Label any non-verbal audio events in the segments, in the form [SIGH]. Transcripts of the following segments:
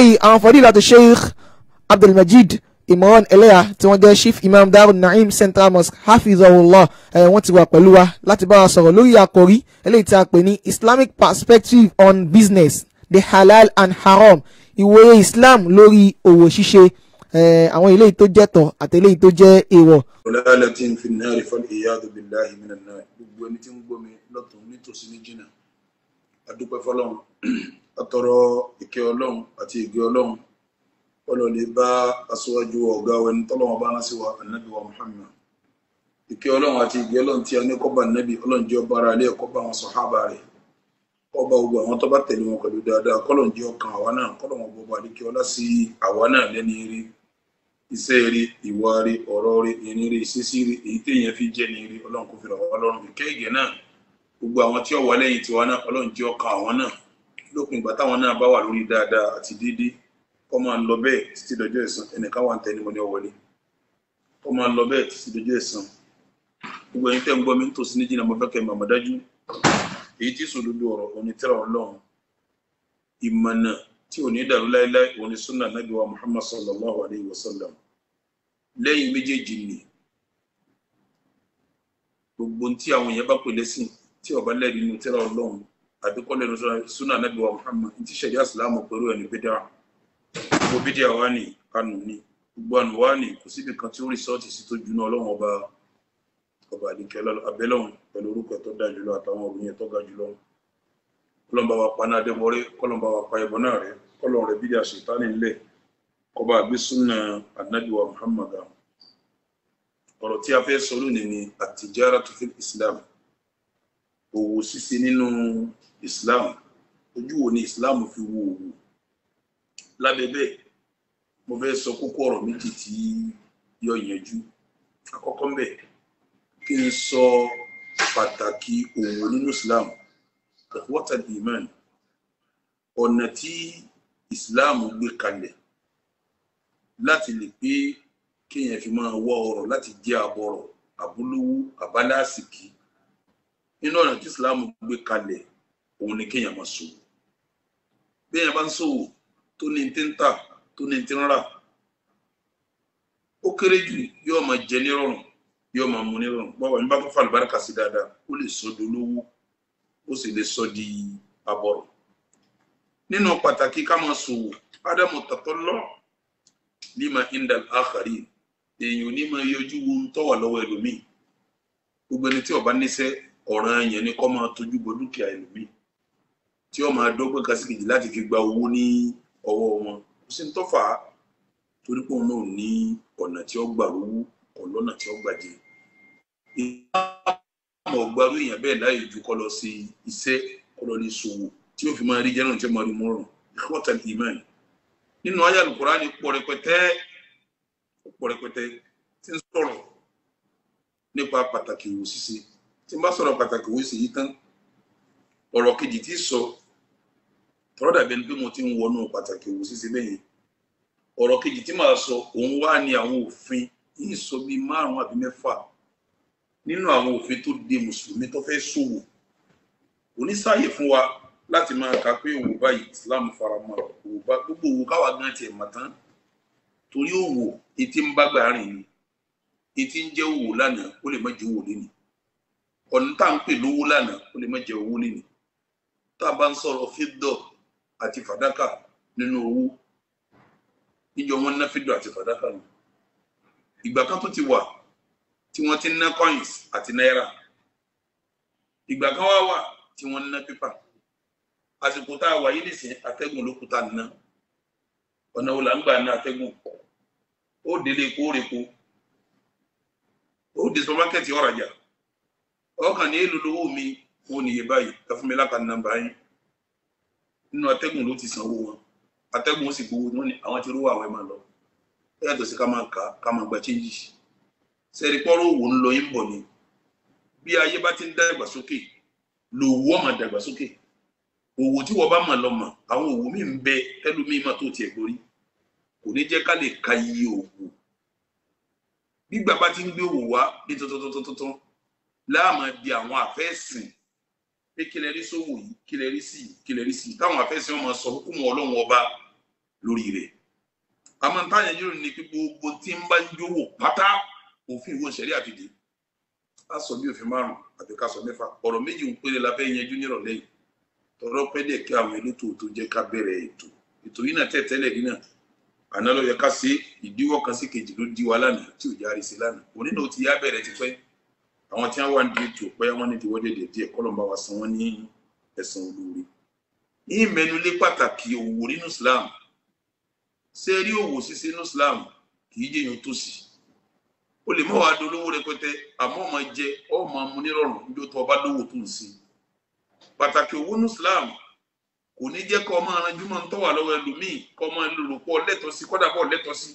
báyìí àwọn fadilatu sheikh abdulmajid imran eleya tí wọ́n jẹ́ chief imam darul naim central mosque hafizahullah ẹ̀ eh, wọ́n ti wà pẹ̀lú wa láti bá wa sọ̀rọ̀ lórí àkòrí eléyìí tí a pè ní islamic perspective on business the halal and haram ìwòye islam lórí òwò ṣíṣe eh, àwọn eléyìí tó jẹ́ tọ̀ àti eléyìí tó jẹ́ èèwọ̀. ọ̀làlẹ̀ tí n fi náírà fún ìyáàdù bíláhi mi nàá gbogbo ẹni tí ń gbọ́ mi lọ́tún nítòsí ní jìnnà adúpẹ́ fọlọ́run àtọrọ ìkẹ́ ọlọ́run àti ìgẹ́ ọlọ́run ọlọ́lẹ̀ bá aṣíwájú ọ̀gá ẹni tọ́lọ́wọ́n bá ná sí wa ànábì wa Muhammad ìkẹ́ ọlọ́run àti ìgẹ́ ọlọ́run tí a ní kọ́ba ànábì ọlọ́run jẹ́ ọba ara ilé ẹ̀kọ́ bá àwọn sọ̀hábà rẹ̀ ọba gbogbo àwọn tó bá tẹ̀lé wọn pẹ̀lú dáadáa kọ́lọ́run jẹ́ ọkàn àwa náà kọ́lọ́run gbogbo àdékẹ́ ọlá sí àwa náà lẹ́ni rí iṣẹ́ rí ìwà rí ọ̀rọ̀ rí ìrìn rí ìṣesí rí èyí téèyàn fi jẹ́ ni rí ọlọ́run kò fi rọ̀ wá lọ́rùn ìkẹ́ náà gbogbo àwọn tí ó wà lẹ́yìn tiwa náà ọlọ́run jẹ́ ọkàn àwọn náà lópin ìgbà táwọn náà bá wà lórí dáadáa àti déédéé kọ́ máa lọ bẹ́ẹ̀ títí dọjọ́ ẹ̀san ẹnìkan wà ń tẹ́ ni mo ní ọwọ́lé kọ́ máa lọ bẹ́ẹ̀ títí dọjọ́ ẹ̀san gbogbo ẹni tẹ́ ń gbọ́ mi ń tòsí níjìnà mo fẹ́ kẹ́ màmá dájú èyí tí sòdodo ọ̀rọ̀ òní tẹ́ra ọlọ́run ìmọ̀nà tí ò dàrú láéláé òní súnà nábì wa Muhammad sallallahu alayhi wa sallam lẹ́yìn méjèèjì ni gbogbo ohun tí àwọn èèyàn bá pè lẹ́sìn tí ó lẹ́rìí nínú tẹ́ra ọlọ́run àbí kọ́ lẹ́nu súnà nàbí wa Muhammad ní ti ṣẹ̀dí àsìlámù pẹ̀lú ẹni bídà gbogbo bídà wà ní kánù ní gbogbo àná wà ní kò síbi kan tí ó rìsọ́ọ̀tì sí tó juná ọlọ́run ọba ọba àdìkẹ́ abẹ́lọ́run pẹ̀lú orúkọ tó dáa jùlọ àtàwọn òròyìn tó ga jùlọ kọlọ́mbà wa pa náà dẹ́mọ́rẹ́ wa pa ẹ̀bọ náà rẹ kọlọ́n rẹ bídà ṣètánì ńlẹ̀ kọba Muhammad ọ̀rọ̀ tí a fẹ́ sọ lónìí ni Islam òwò ṣíṣe nínú islam ojú wo ni islam fi wo òwò lábẹ́ bẹ́ẹ̀ mo fẹ́ sọ kókó ọ̀rọ̀ méjì tí yọ yanjú àkọ́kọ́ ń bẹ kí n sọ pàtàkì òwò nínú islam ikhwatal iman ọ̀nà tí islam gbé kalẹ̀ láti lè pé kéèyàn fi máa wá ọrọ̀ láti jẹ́ àbọ̀rọ̀ àbúlówó àbálásìkí nínú ọ̀nà tí islam gbé kalẹ̀ òun ni kéèyàn máa so béèyàn bá ń ṣòwò tó ní ti ń tà tó ní ti ń rà ó kéré jù yóò máa jẹ nírọ̀rùn yóò máa mu nírọ̀rùn báwo ni bá tó fa àlùbáríkà sí dáadáa ó lè sọ di olówó ó sì lè sọ di abọ̀rọ̀ nínú pàtàkì ká máa ṣòwò ádámù tàtọ́ lọ lima indal akhari èèyàn ò ní máa yọjú wo ń tọ́wà lọ́wọ́ ẹlòmíì gbogbo ẹni tí ó bá níṣẹ́ yẹn ni kó máa tójú bọ dúkìá ẹlòmíì tí wọ́n máa dọ́gbọ́n kan sí kejì láti fi gba owó ní ọwọ́ wọn kò sí ní tọ́fà torí pé òun náà ní ọ̀nà tí ó gbà rówó ọ̀lọ́nà tí ó gbà jẹ ìdáhùn ọ̀gbárù èèyàn bẹ́ẹ̀ láàyè ju kọ́ lọ sí iṣẹ́ kọ́ lọ ní ṣòwò tí yóò fi máa rí jẹ́rán tí ó máa rí mọ́ràn ìkọ́tà ìmán nínú ayé ni pọ̀ rẹpẹtẹ pọ̀ rẹpẹtẹ tí ń sọ̀rọ̀ nípa pàtàkì òwò ṣíṣe tí ń bá sọ̀rọ̀ pàtàkì òwò yìí tán ọ̀rọ̀ kejì tí sọ tọ́rọ́ dàbí ẹni pé mo ti ń wọnú pàtàkì òwò ṣíṣe bẹ́yẹn ọ̀rọ̀ kejì tí màá sọ òun wá ní àwọn òfin ń sọ bí márùn-ún àbí mẹ́fà nínú àwọn òfin tó de mùsùlùmí tó fẹ́ ṣòwò oníṣàyè fún wa láti máa kà pé òwò báyìí Islam faramọ́ òwò gbogbo òwò káwa gan tiẹ̀ mọ̀ tán torí òwò etí ń bá gbà rìn ni etí ń jẹ́ òwò lánàá ó lè má jẹ́ òwò lẹ́nu ọ̀nà tá à ń pè lówó lánàá ó lè má jẹ́ owó lẹ́nu tá a bá ń sọ̀rọ̀ fídọ̀ọ́ àti fàdákà nínú owó níjọ wọn ná fídíò àti fàdákà nù ìgbà kan tó ti wà tí wọn ti ná coins àti náírà ìgbà kan wá wà tí wọn ná pépà àsìkò tá a wà yìí nìsín atẹ́gùn ló kú tá a ná ọ̀nà wo là ń gbà ná atẹ́gùn ó délé epo ó repo ó di supermarket ọ̀rajà ọkàn ní èlò lówó mi wọn ò níye báyìí ẹ fún mi lákàtúntà báyìí nínú atẹ́gùn ló ti sanwó wọn atẹ́gùn ó sì gbowó wọn ni àwọn ti rówó àwẹ̀ máa lọ ó yàtọ̀ sí ká máa kà á ká máa gba chíńjì sẹ́ni pọ́nrọ́ òwò ń lọ yín bọ̀ ni bí ayé bá ti ń dàgbà sókè lòwú ọ̀mà dàgbà sókè òwò tí wọ́n bá mà lọ mà àwọn òwò míì ń bẹ ẹlòmíì mà tó tiẹ̀ gborí kò ní jẹ́ ká lè ka iye òwò gbígbà bá ti ń gbé òwò wá ní tuntun tuntun di àwọn àfẹ́sìn pé kí lè rí sówò yìí kí lè rí sí kí lè rí sí táwọn afẹ́sẹ̀ wọn máa sọ fún wọn ọlọ́run ọba lórí rẹ̀ àmọ́ táyà yóò ní pé gbogbo tí ń bá yówò pátá òfin ìwé ìṣẹ̀rí àfìdí á sọ bí òfin márùn àbí ká sọ mẹ́fà ọ̀rọ̀ méjì ń péré la fẹ́ yanjú nírọ̀lẹ́ yìí tọrọ pẹ́ dẹ̀ kí àwọn elétò tó jẹ́ ká bẹ̀rẹ̀ ètò ètò yìí náà tẹ̀tẹ́lẹ̀ yìí náà àná ló yẹ ká ṣe ìdíwọ́ kan sí kejì ló di wa lánàá tí ò járe sí lánàá òní náà ó ti yá bẹ̀rẹ̀ tipẹ́ àwọn tí wọn wà ní ètò pé wọn ní ìdíwọ́ dédé díẹ̀ bá wa san wọn ní ẹ̀sán olóore ní ìmẹ́nulé pàtàkì òwò nínú Islam ṣé rí òwò ṣíṣe nínú Islam kì í jẹyàn tó sì o lè má wàá dolówó rẹpẹtẹ àmọ́ ọmọ jẹ ọmọ mu nírọ̀rùn níbi tó ọba lówó tó ń ṣe pàtàkì òwò nínú Islam kò ní jẹ́ kọ́ ọmọ aranjú máa ń tọ́wà lọ́wọ́ ẹlòmíì kọ́ ọmọ ẹlòlòpọ̀ lẹ́tọ̀ọ́ sí kọ́dà bọ̀ lẹ́tọ̀ọ́ sí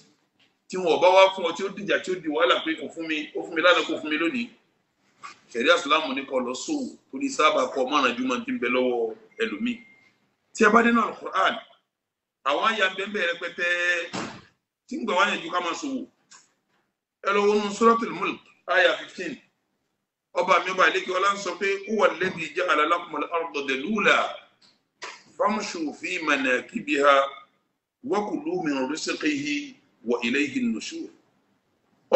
tí wọn ò wá fún ọ tí ó dìjà tí ó di wàhálà pé kò fún mi ó fún mi lánàá kò fún mi lónìí ṣẹ̀rí àsìlámù ní kọ́ lọ sóò torí sábà kọ́ mọ́ràn ju máa ti ń bẹ lọ́wọ́ ẹlòmíì tí a bá dé náà Al-Qur'an àwọn àyà bẹ́ẹ̀ rẹpẹtẹ tí ń gbà wáyà ju ká máa sòwò ẹ lọ wọnú Suratul Mulk àyà fifteen ọba mi ọba àlekí ọlá ń sọ pé huwa alladhi ja'ala lakumul arda dalula famshu fi manakibiha wa kulu min rizqihi wa ilayhin nushur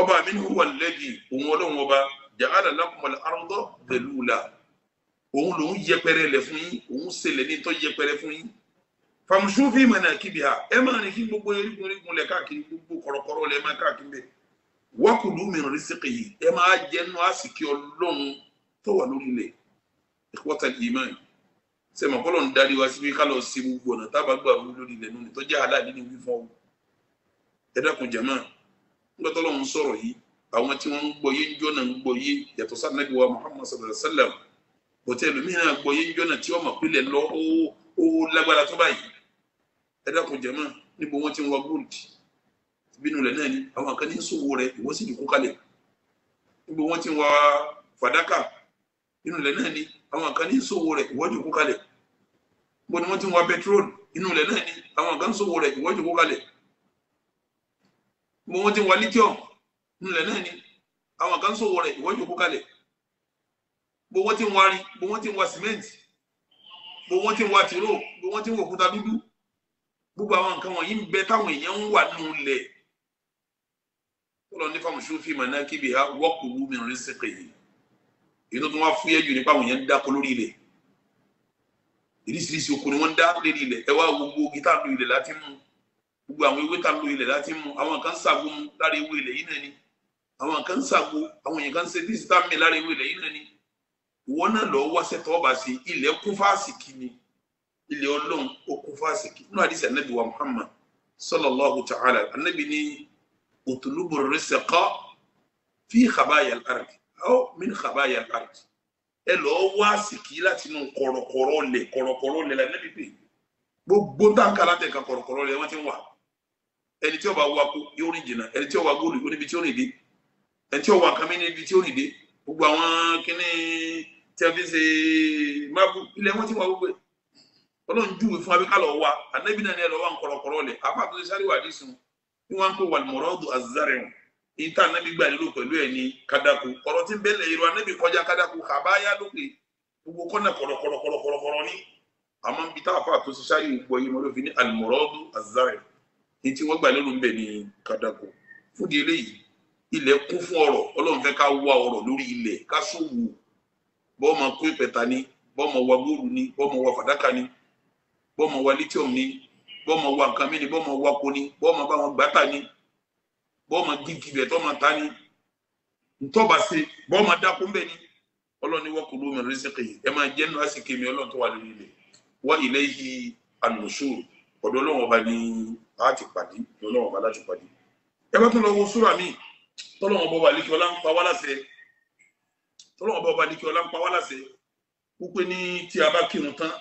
ọba mi ni huwa alladhi òun ọlọ́run ọba ja'ala lakumul arda zelula òun lòun yẹpẹrẹ lẹ̀ fún yín òun ṣẹlẹ̀ ní tọ́ yẹpẹrẹ fún yín famusu fi mọ̀nà kíbi ha ẹ máa rìn kí gbogbo erigun erigun lẹ̀ káàkiri gbogbo kọ̀rọ̀kọ̀rọ̀ lẹ̀ máa káàkiri bẹ́ẹ̀ wakulu min risikihi ẹ máa jẹnu àsìkí ọlọ́run tó wà lórí ilẹ̀ ìkọ́tà ìmáà sẹ́mi ọ̀pọ̀lọ́ ń darí wa síbi ká lọ sí gbogbo ọ̀nà tábà gbà wí lórí ilẹ̀ lónìí tó jẹ́ aláàdínní wí fún ọ ẹ dákun jàmáà àwọn tí wọ́n ń gbọ́yé ń jọ́nà ń gbọ́yé yàtọ̀ sànàbí wa muhammad sallallahu alayhi wa sallam bọ̀tẹ́ ẹlòmíì náà gbọ́yé ń jọ́nà tí wọ́n mọ̀ pílẹ̀ lọ ó lágbára tó báyìí ẹ dákun jẹ́mọ́ níbo wọ́n ti ń wá gold bínú rẹ̀ náà ni àwọn kan ní ń ṣòwò rẹ̀ ìwọ́n sì dìkú kalẹ̀ níbo wọ́n ti ń wá fàdákà inú rẹ̀ náà ni àwọn kan ní ń ṣòwò rẹ̀ dìkú kalẹ̀ níbo ni wọ́n ti ń wá petrol inú rẹ̀ náà ni àwọn kan ń ṣòwò rẹ̀ ìwọ́n dìkú kalẹ̀ níbo wọ́n ti ń wá lithium ńlẹ̀ náà ni àwọn kan sòwò rẹ̀ ìwọ́n jòkó kalẹ̀ bó wọ́n ti ń wa rí bó wọ́n ti ń wa sìmẹ́ǹtì bó wọ́n ti ń wa tìró bó wọ́n ti ń wa òkúta dúdú gbogbo àwọn nǹkan wọ̀nyí ń bẹ táwọn èèyàn ń wà nù lẹ̀ tọ́lọ́ ní fáwọn sófin mọ̀ náà kíbi ha wọ́ọ̀kù wú mi rí sí pèyí èyí tó tún wá jù nípa àwọn èèyàn ń dáko lórí ilẹ̀ ìrísìírísìí oko ni wọ́n ń dá lórí ilẹ̀ ẹ wá gbogbo gítà lu ilẹ̀ láti mú gbogbo àwọn ewé tà lu ilẹ̀ láti mú àwọn kan ṣàgùn mu lára ewé ilẹ̀ yìí náà ni àwọn kan ń sàgbó àwọn èèyàn kan ń ṣe dísítà mi lára ìwé ilẹ̀ yìí náà ni ìwọ náà lọ wáṣẹ́ tó ọba sí ilẹ̀ kún kìíní ilẹ̀ ọlọ́run ó kìíní nínú àdìsí anabi wa muhammad sallallahu ta'ala anabi ni òtúlùbù rẹsẹ̀kọ́ fi xabáyà àrùn ọ́ min xabáyà àrùn ẹ lọ wáàsì kìí láti inú kọ̀rọ̀kọ̀rọ̀ lẹ̀ kọ̀rọ̀kọ̀rọ̀ lẹ̀ la anabi pè gbogbo táǹkà látẹ̀ ka kọ̀rọ̀kọ̀rọ̀ lẹ̀ wọ́n ti wà ẹni tí ó bá wá kó yóò rìn jìnnà ẹni tí ó wá góòlù yóò níbi tí ó rìn dé ẹtí ọwọ àkàmì ní ibi tí ó nìde gbogbo àwọn kíní tí a fi ṣe máàbù ilẹ̀ wọn ti wà gbogbo ẹ̀ ọlọ́run júwe fún abẹ́ká lọ wa anabi náà ni ẹ lọ wà nkọ̀rọ̀kọ̀rọ̀ lẹ̀ apá àtúnṣe sáré wà ní ní wọn kó wàlmọ̀rọ́dù azari wọn èyí tá anabi gbà lérò pẹ̀lú ẹ̀ ní kadaku ọ̀rọ̀ tí ń bẹ́ẹ̀ lẹ̀ yìí anabi kọjá kadaku kàbáyá lókè gbogbo kọ́nà kọ̀rọ̀kọ̀rọ̀kọ̀rọ̀ ní àmọ́ bí tá apá àtúnṣe sáré ìpò yìí mọ́lófin ní almọ̀rọ́dù azari èyí tí wọ́n gbà lérò ń bẹ̀ ní kadaku fúdi eléyìí ilẹ̀ kún fún ọ̀rọ̀ ọlọ́run fẹ́ ká wá ọ̀rọ̀ lórí ilẹ̀ ká ṣòwò bọ́ọ̀mọ kó ìpẹ̀ta ni bọ́ọ̀mọ wa góòlù ni bọ́ọ̀mọ wa fàdákà ni bọ́ọ̀mọ wa lithium ni bọ́ọ̀mọ wa nǹkan mi ni bọ́ọ̀mọ wa ko ni bọ́ọ̀mọ bá wọn gbàtà ni bọ́ọ̀mọ gígì bẹ̀ tọ́mọ ta ni ntọ́ba se bọ́ọ̀mọ dákú ń bẹ̀ ni ọlọ́run ni wọ́n kò lómi rísíkì ẹ máa jẹ́ nínú àsìkè mi ọlọ́run ẹ bá tún lọ wo súrà míì tọ́lọ́wọ́n bọ́ bá líkẹ́ ọlá ń pa wá láṣẹ tọ́lọ́wọ́n bọ́ bá líkẹ́ ọlá ń pa wá láṣẹ wípé ní tí a bá kírun tán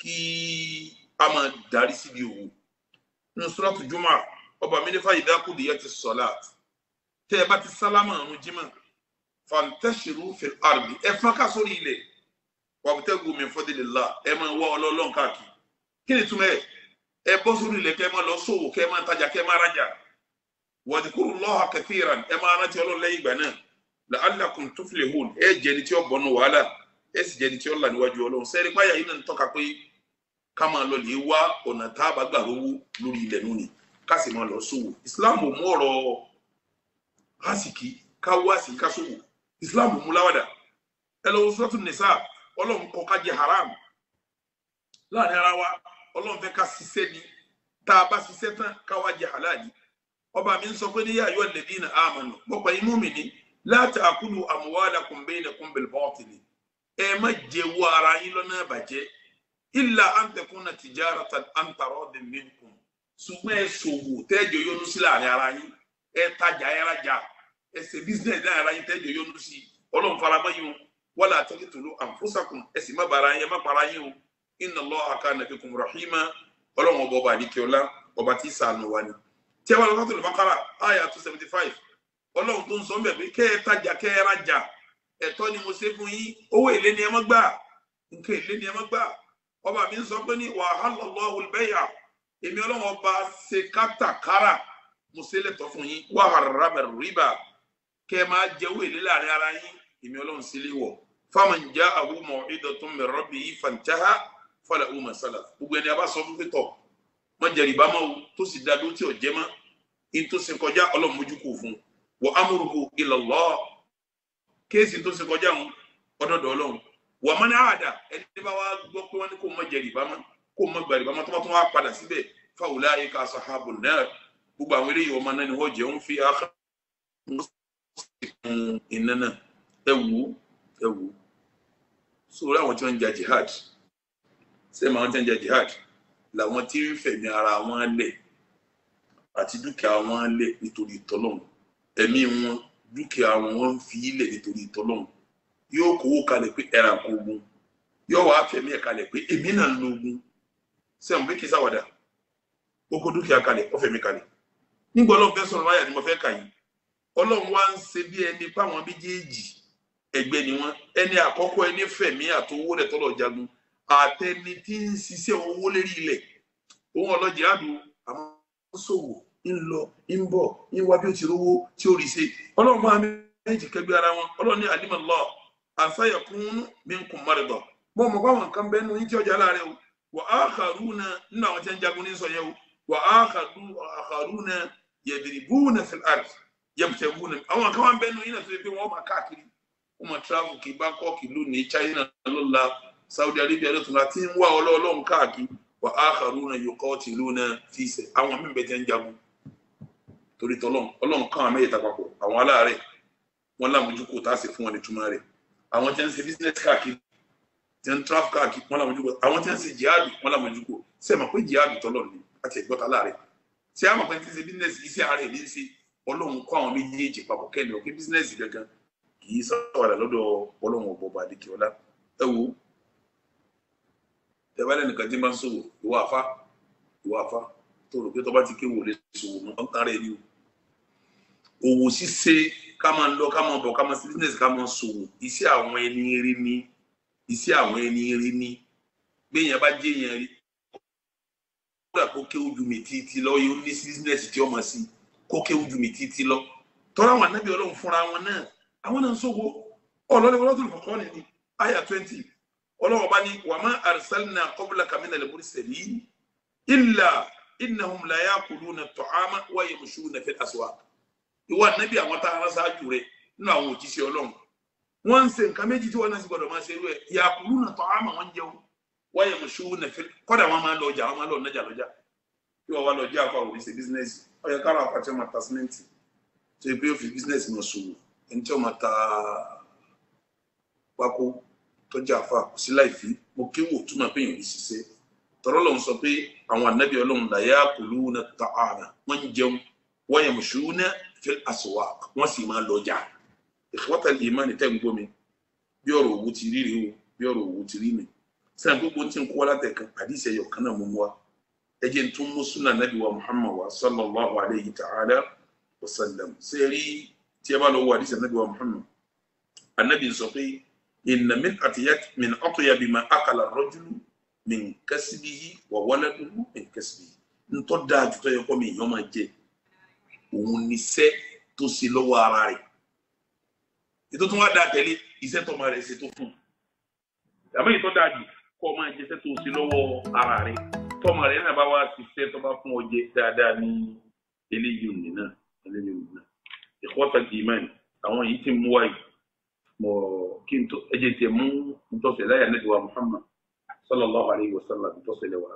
kí a máa darí síbi òwò nínú sọ́láàtù jùmọ̀ ọba mi ní fàyè dákúdì yẹn ti sọ́láàt tẹ́ ẹ bá ti sálámà ọ̀run jímọ̀ fàǹtẹ́sìrú fil ardi ẹ fọ́nká sórí ilẹ̀ wàbùtẹ́gùn mi fadlillah ẹ máa wá ọlọ́lọ́n káàkiri kí ni túmọ̀ ẹ bọ́ sórí ilẹ̀ kẹ́ máa lọ sòwò kẹ́ máa tajà kẹ́ máa rajà wàdìkúrú lọ́hà kẹfìrà ẹ máa rántí ọlọ́run lẹ́yìn ìgbà náà la alakum tuflihun ẹ jẹ́ ni tí ó bọnu wàhálà ẹ sì jẹ́ ni tí ó là níwájú ọlọ́run sẹ́rí páyà yìí náà ń tọ́ka pé ká máa lọ lè wá ọ̀nà tá a bá gbà rówó lórí ilẹ̀ nù ni ká sì máa lọ sówò islam ò mú ọ̀rọ̀ hásìkì ká wá sí ká sówò islam ò mú láwàdà ẹ lọ sọ́tún nìsá ọlọ́run kọ́ ká jẹ haram láàrin ara wa ọlọ́run fẹ́ ká ṣiṣẹ́ ni tá a bá ṣiṣẹ́ tán ká wá jẹ halali ọba mi ń sọ pé ní yá ayọ́ alladhina amanu gbọ́pọ̀ imú mi ní la ta'kulu amwalakum bainakum bil batili ẹ má jẹwọ́ ara yín lọ́nà ìbàjẹ́ illa an takuna tijaratan an taradin minkum ṣùgbọ́n ẹ ṣòwò tẹ́jọ yónú sí láàrin ara yín ẹ tajà ẹ rajà ẹ ṣe business láàrin ara yín tẹ́jọ yónú sí ọlọ́run faramọ́ yín o wala taqtulu anfusakum ẹ sì má bara yín ẹ má para yín o inna Allaha kana bikum rahima ọlọ́run ọba ọba àdìkẹ́ ọlá ọba tí ì sànù wa tí a bá lọ sọ́tò lùbákàrà àyà two seventy five ọlọ́run tó ń sọ mẹ́ pé kẹ́ ẹ tajà kẹ́ ẹ rajà ẹ̀tọ́ ni mo ṣe fún yín owó èlé ni ẹ má gbà nǹkan èlé ni ẹ má gbà ọba mi ń sọ pé ní wàhálà lọ́wọ́ olùbẹ́yà èmi ọlọ́run ọba ṣe kátàkárà mo ṣe lẹ́tọ́ fún yín wàhálà rìbà kẹ́ máa jẹ owó èlé láàrin ara yín èmi ọlọ́run sì lè wọ̀ fáwọn ìjà àwọn ọmọ ìdọ̀tún mẹ́rọ́ bíi fantaha fọlẹ̀ ọmọ sálà gbogbo ẹni a bá sọ fún pé tọ̀ má jẹ rìbá mọ́ o tó sì da dó tí ò jẹ́ mọ́ in tó ṣe kọjá ọlọ́run mójú kò fún un wọ́n amúrúkú ìlọ̀lọ́ kéèsì tó ṣe kọjá òun ọdọọdọ ọlọ́run wọ́n mọ́ ní àdá ẹni bá wá gbọ́ pé wọ́n ní kó má jẹ rìbá kó má tó bá tún wá padà síbẹ̀ fáwọlá yìí ká sọ ààbò náà gbogbo àwọn eléyìí ọmọ náà ni wọ́n jẹ́ ń fi àkàrà iná náà ẹ wù ú ẹ wù ú sórí àwọn tí wọ́n ń ja jihad sẹ́ẹ̀ máa ń tẹ́ ń ja jihad làwọn tí ń fẹ̀mí ara wọn lẹ̀ àti dúkìá wọn lẹ̀ nítorí tọ́lọ́hún ẹ̀mí wọn dúkìá wọn wọn fi í lẹ̀ nítorí tọ́lọ́hún yóò kówó kalẹ̀ pé ẹ̀rà kó ogun yóò wá fẹ̀mí ẹ̀ kalẹ̀ pé èmi náà ń lo ogun sẹ́wọ̀n pé sáwàdà ó kó dúkìá kalẹ̀ ó fẹ̀mí kalẹ̀ nígbà ọlọ́run fẹ́ sọ̀rọ̀ láyà ni mo fẹ́ kà yín ọlọ́run wá ń ṣe bí ẹni páwọn méjèèjì ẹgbẹ́ ni wọn ẹni àkọ́kọ́ ẹni fẹ̀mí àtowó rẹ̀ tọ́lọ̀ jagun àtẹni tí ń ṣiṣẹ́ owó lérí ilẹ̀ òun ọlọ́jà àdùn àwọn ṣòwò ń lọ ń bọ̀ ń wá bí ó ti rówó tí ó rí ṣe ọlọ́run máa méjì kẹgbẹ́ ara wọn ọlọ́run ní àlímọ̀ lọ àṣàyẹ̀kún mi ń kún mọ́rẹ̀dọ̀ mo mọ̀ pé àwọn nǹkan bẹ́ẹ̀ ní tí ọjà láàrẹ̀ o wà á kàrú na nínú àwọn tí wọ́n jagun ní sọ yẹ o wà á kàrú na yẹ̀dìrìbú na fìlàrì yẹ̀bùtẹ̀bú na àwọn kan wà bẹ́ẹ̀ ní ìnà tó yẹ pé wọ́n máa káàkiri wọ́n máa travel kì Bangkok lónìí China lọ́la Saudi Arabia ló tún la ti ń wá ọlọ́ọ̀lọ́hún káàkiri wà á kàrúnà yuqatiluna fi ṣe àwọn mímu bẹ́ẹ̀ tẹ́ ń jagun torí tọ́lọ́n ọlọ́run kan àmẹ́yẹ ta papọ̀ àwọn aláàárẹ̀ wọn lámójúkò tá a sì fún wọn ní túmọ̀ rẹ̀ àwọn tí wọ́n ń ṣe business káàkiri tí wọ́n ń traffic káàkiri wọn lámójúkò àwọn tí wọ́n ń ṣe jihadu wọn lámójúkò ṣé ẹ mọ̀ pé jihadu tọ́lọ̀ business yìí sí àárẹ̀ ní ṣe ọlọ́run kọ́ àwọn méjèèjì papọ̀ kẹ́ni ọ̀kẹ́ business gangan kì tẹ́wálẹ̀ nìkan tí máa ń sòwò ìwà àfa ìwà àfa tó rò pé tọ́ba ti kéwò lè sòwò mọ́ ọ̀tá rẹ̀ ni o òwò ṣíṣe ká máa lọ ká máa bọ̀ ká máa sí bísíǹsì ká máa sòwò iṣẹ́ àwọn ẹni rí ni iṣẹ́ àwọn ẹni rí ni gbẹ̀yìn bá jẹ́ yẹn rí kódà kó kéwò ju mi títí lọ yóò ní bísíǹsì tí ó máa sí kó kéwò ju mi títí lọ tọ́ra àwọn anábì ọlọ́run fúnra wọn náà àwọn náà ń sòwò ọ̀lọ́lẹ́wọ́lọ́tò lọ́kọ́ twenty ọlọ́wọ́ bá ní wà má arsalna qablaka minal mursalin illa innahum la yaakuluna ta'ama wa yamshuna fil aswaq ìwà nàbí àwọn tá a rán ṣáájú rẹ nínú àwọn òjíṣẹ́ ọlọ́run wọ́n ń ṣe nǹkan méjì tí wọ́n náà sì gbọ́dọ̀ máa ṣe irú ẹ̀ yaakuluna ta'ama wọ́n jẹun wa yamshuna fil kọ́dà wọn máa lọ ọjà wọn máa lọ nájà lọ́jà kí wọ́n wá tó jẹ́ àfa kò sí láì fi mo kí wò túmọ̀ pé èèyàn ṣiṣẹ́ tọ́rọ́ lòun sọ pé àwọn ànábì ọlọ́run la yaakuluna ta'ana wọ́n ń jẹun wọ́n yamshuna fil aswaq wọ́n sì máa lọ jà ikhwata al-iman tẹ́ ń gbọ́ mi bí ọ̀rọ̀ òwú ti rí rèé o bí ọ̀rọ̀ òwú ti rí mi sẹ́yìn gbogbo tí ń kó látẹ̀ kan àdìsẹ́ yọ̀ kan náà mú wa ẹ jẹ́ tún mú súnà nàbí wa muhammad wa sallallahu alayhi ta'ala wa sallam ṣe rí tí ẹ bá lọ wọ àdìsẹ́ nàbí wa muhammad ànábì sọ pé inna min atiyat min atyabi ma akala rajulu min kasibihi wa waladuhu min kasibihi ntọ́ dáa jùtọ́ yẹ kọ́ mi èèyàn máa jẹ òun ni iṣẹ́ tó ṣe lọ́wọ́ ara rẹ̀ ètò tó wá dáa tẹ̀lé iṣẹ́ tó máa rẹ̀ ṣe tó fún un àmọ́ ìtọ́ dáa jù kọ́ máa jẹ iṣẹ́ tó ṣe lọ́wọ́ ara rẹ̀ tọ́mọ rẹ̀ náà bá wá ṣiṣẹ́ tó bá fún ọ jẹ dáadáa ní eléyìí òní náà eléyìí òní náà ìkọ́ta kìí mẹ́rin àwọn yìí ti mú wáyìí mo kí n tó ẹ jẹ́ tiẹ̀ mú ntọ́sẹ̀ láyà ní ìwà Muhammad sallallahu alayhi wa sallam ntọ́sẹ̀ lẹ́wà.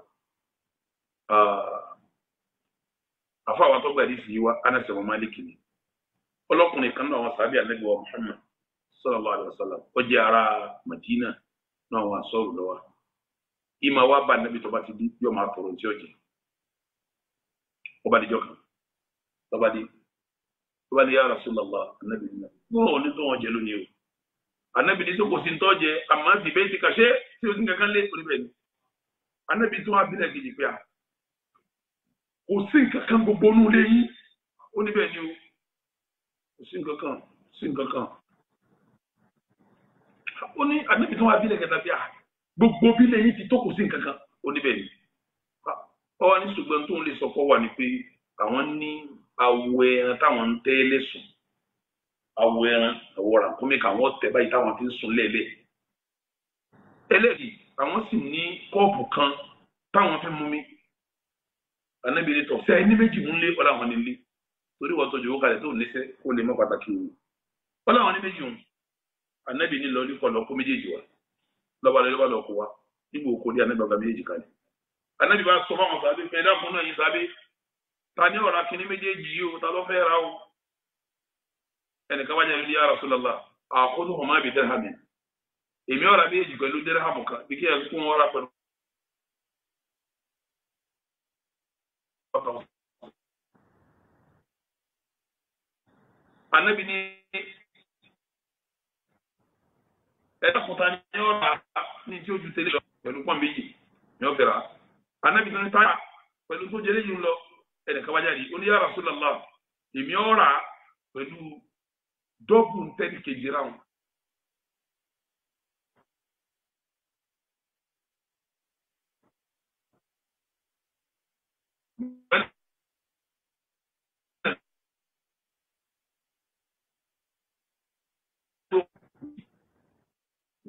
àfa àwọn àtọ́gbà yìí fi wá anasẹ̀ wọn máàlìkì ni ọlọ́kùnrin kan náà wọn sábẹ́ ànágbé wa Muhammad sallallahu alayhi wa sallam ó jẹ́ ara Madina náà wọn sọ̀rọ̀ lọ́wọ́ ìmọ̀ wa bá nàbí tó ti di yóò máa tọrọ tí ó jẹ ọba díjọ́ kan lọ́ba dí lọ́ba dí ya Rasulullah ànábì nínú wọn ò ní tó wọn jẹ lónìí o anabi ní sọ́kò sí ń tọ́jẹ àmọ́ sì bẹ́ẹ̀ ti kàṣẹ́ tí o sì ń kankan lé oníbẹ̀ ni anabi tún wá bílẹ̀ kejì pé a kò sí nǹkankan gbogbo nù lé yín oníbẹ̀ ni o kò sí nǹkankan kò sí nǹkankan ó ní anabi tún wá bílẹ̀ kẹta pé a gbogbo bílẹ̀ yín ti tó kò sí nǹkankan oníbẹ̀ ni ọ wá ní ṣùgbọ́n tó ń lè sọ fọ́ wà àwọn ní awọ táwọn ń tẹ́lẹ̀ sùn awo ẹran àwọ ràkúnmí káwọn tẹ báyìí táwọn fi ń sun lẹ́lẹ̀ eléyìí àwọn sì ní kọ́ọ̀pù kan táwọn fi mú mi anábìrin tọ̀ sí ẹni méjì ń lé ọ̀là wọn nílé torí wọ́n tọ́jú owó kalẹ̀ tó níṣẹ́ kó lè mọ́ pàtàkì òwò ọ̀là wọn ní méjì hùn anábìrin lọ ní kọ̀ọ̀lọ́ kó méjèèjì wa lọ́ba lọ́ba lọ́ kó wa nígbà òkò ní anábìrin ọ̀gá méjèèjì kalẹ̀ anábìrin bá sọ fáwọn sábẹ́ fẹ́ẹ́ dákun náà yín sábẹ́ ta ní ọ̀rá kinní méjèèjì yìí o ta ló fẹ́ ra o ẹnìkan wá jẹ́ ní ya Rasulullah akhudhuhuma bi dirhamin èmi ọ̀rọ̀ bí èjì pẹ̀lú dirhamu kan bí kí ẹ̀ kún ọ̀rọ̀ pẹ̀lú. anabi ni ẹ̀dá kùtà ni ọ̀rọ̀ ní tí ó ju tẹ́lẹ̀ lọ pẹ̀lú pọ́n méjì ni ó anabi ni táyà pẹ̀lú tó jẹ́lẹ̀ yìí lọ ẹnìkan wá jáde ya Rasulullah èmi ọ̀rọ̀ pẹ̀lú dɔw b'u tɛni kejira wọn.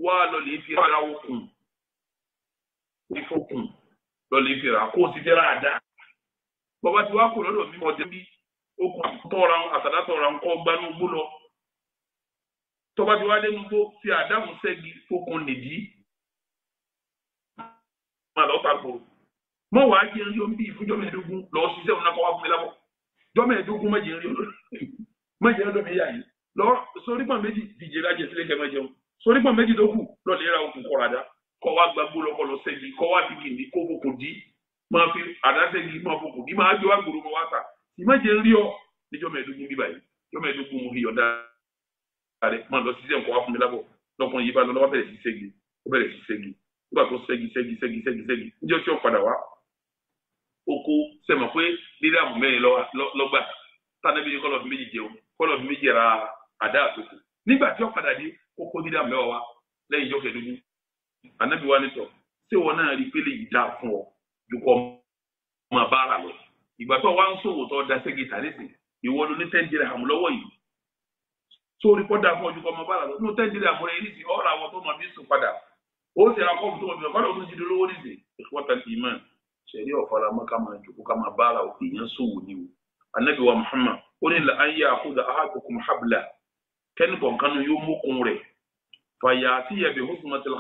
wá lọ lè fi ara wọn kùn ìfọkùn lọ lè fi ra kó o sì fẹ́ra àdá bàbá tí wàá kù lọ́dọ̀ mímọ́ tẹ́bí ó kù tọ́ra àtàlátọ̀ra ńkọ́ gbanú gbó lọ tọba bí wá dénú gbó fi àdáhùn sẹ́gi fokùn nìdí máa lọ ta gbòòrò mọ wàá jẹ ẹni omi bíi fúnjọ mẹ́ẹ̀ẹ́dógún lọ ṣiṣẹ́ òun náà kọ wá fún mi lábọ jọ mẹ́ẹ̀ẹ́dógún mẹjẹ ẹni olórí mẹjẹ ẹni olómi yá yìí lọ sórí pọn méjì dìje lájẹ sílé kẹmẹ jẹun sórí pọn méjì tó kù lọ lè ra okùn kọra dá kọ wá gbàgbó lọkọ lọ sẹ́gi kọ wá bí kìnnì kó fokùn dí máa fi àdá sẹ́gi máa fokùn dí máa gbé wá gbòòrò mọ wá ta ìmẹjẹ ẹni rí ọ níjọ mẹ́ẹ̀ẹ́dógún bíbáyìí jọ mẹ́ẹ̀ẹ́dógún rí ọ dáa àrẹ mọ lọ sí sẹ́yìn kọ́ wá fún mi lábọ̀ lọ́kùnrin yìí bá lọ lọ́wọ́ bẹ̀rẹ̀ sí ségi ó bẹ̀rẹ̀ sí ségi nígbà tó ségi ségi ségi ségi ségi níjọ́ tí ó padà wá oko sẹ́mọ̀ pé dídàmú mẹ́rin lọ́gbà tánàbí ni kọ́lọ̀ fi méjì jẹun kọ́lọ̀ fi méjì ra àdá àtòkù nígbà tí ó padà dé oko dídàmú mẹ́wàá wá lẹ́yìn ìjọ́ a ànábì wa nítọ̀ ṣé wọn náà rí pélé yìí dáa fún ọ ju kọ́ ọmọ bára lọ ìgbà tó wá ń ṣòwò tó da ségi tà nísìn ìwọ ló ní ten dirham lọ́wọ́ yìí sórí kọ́ dà fún ojú kọ́ ọmọ bá làlọ́ nínú tẹ́ǹdìrì àmúrẹ́ yìí nìsí ọ̀rọ̀ àwọn tó mọ̀ bí sùn padà ó sì ra kọ́ọ̀bù tó mọ̀ bí sùn padà ó tún ti dolówó nìsí ìfọ́tà ti mọ̀ sẹ̀rí ọ̀fọ́ra mọ́ ká máa jòkó ká máa bára èèyàn sòwò ni o anabi wa muhammad ó ní la an yà àkóso ahadukum habla kẹ́ni kọ̀ọ̀kan yóò mókun rẹ̀ fàyà àti yẹ̀bẹ̀ husnatil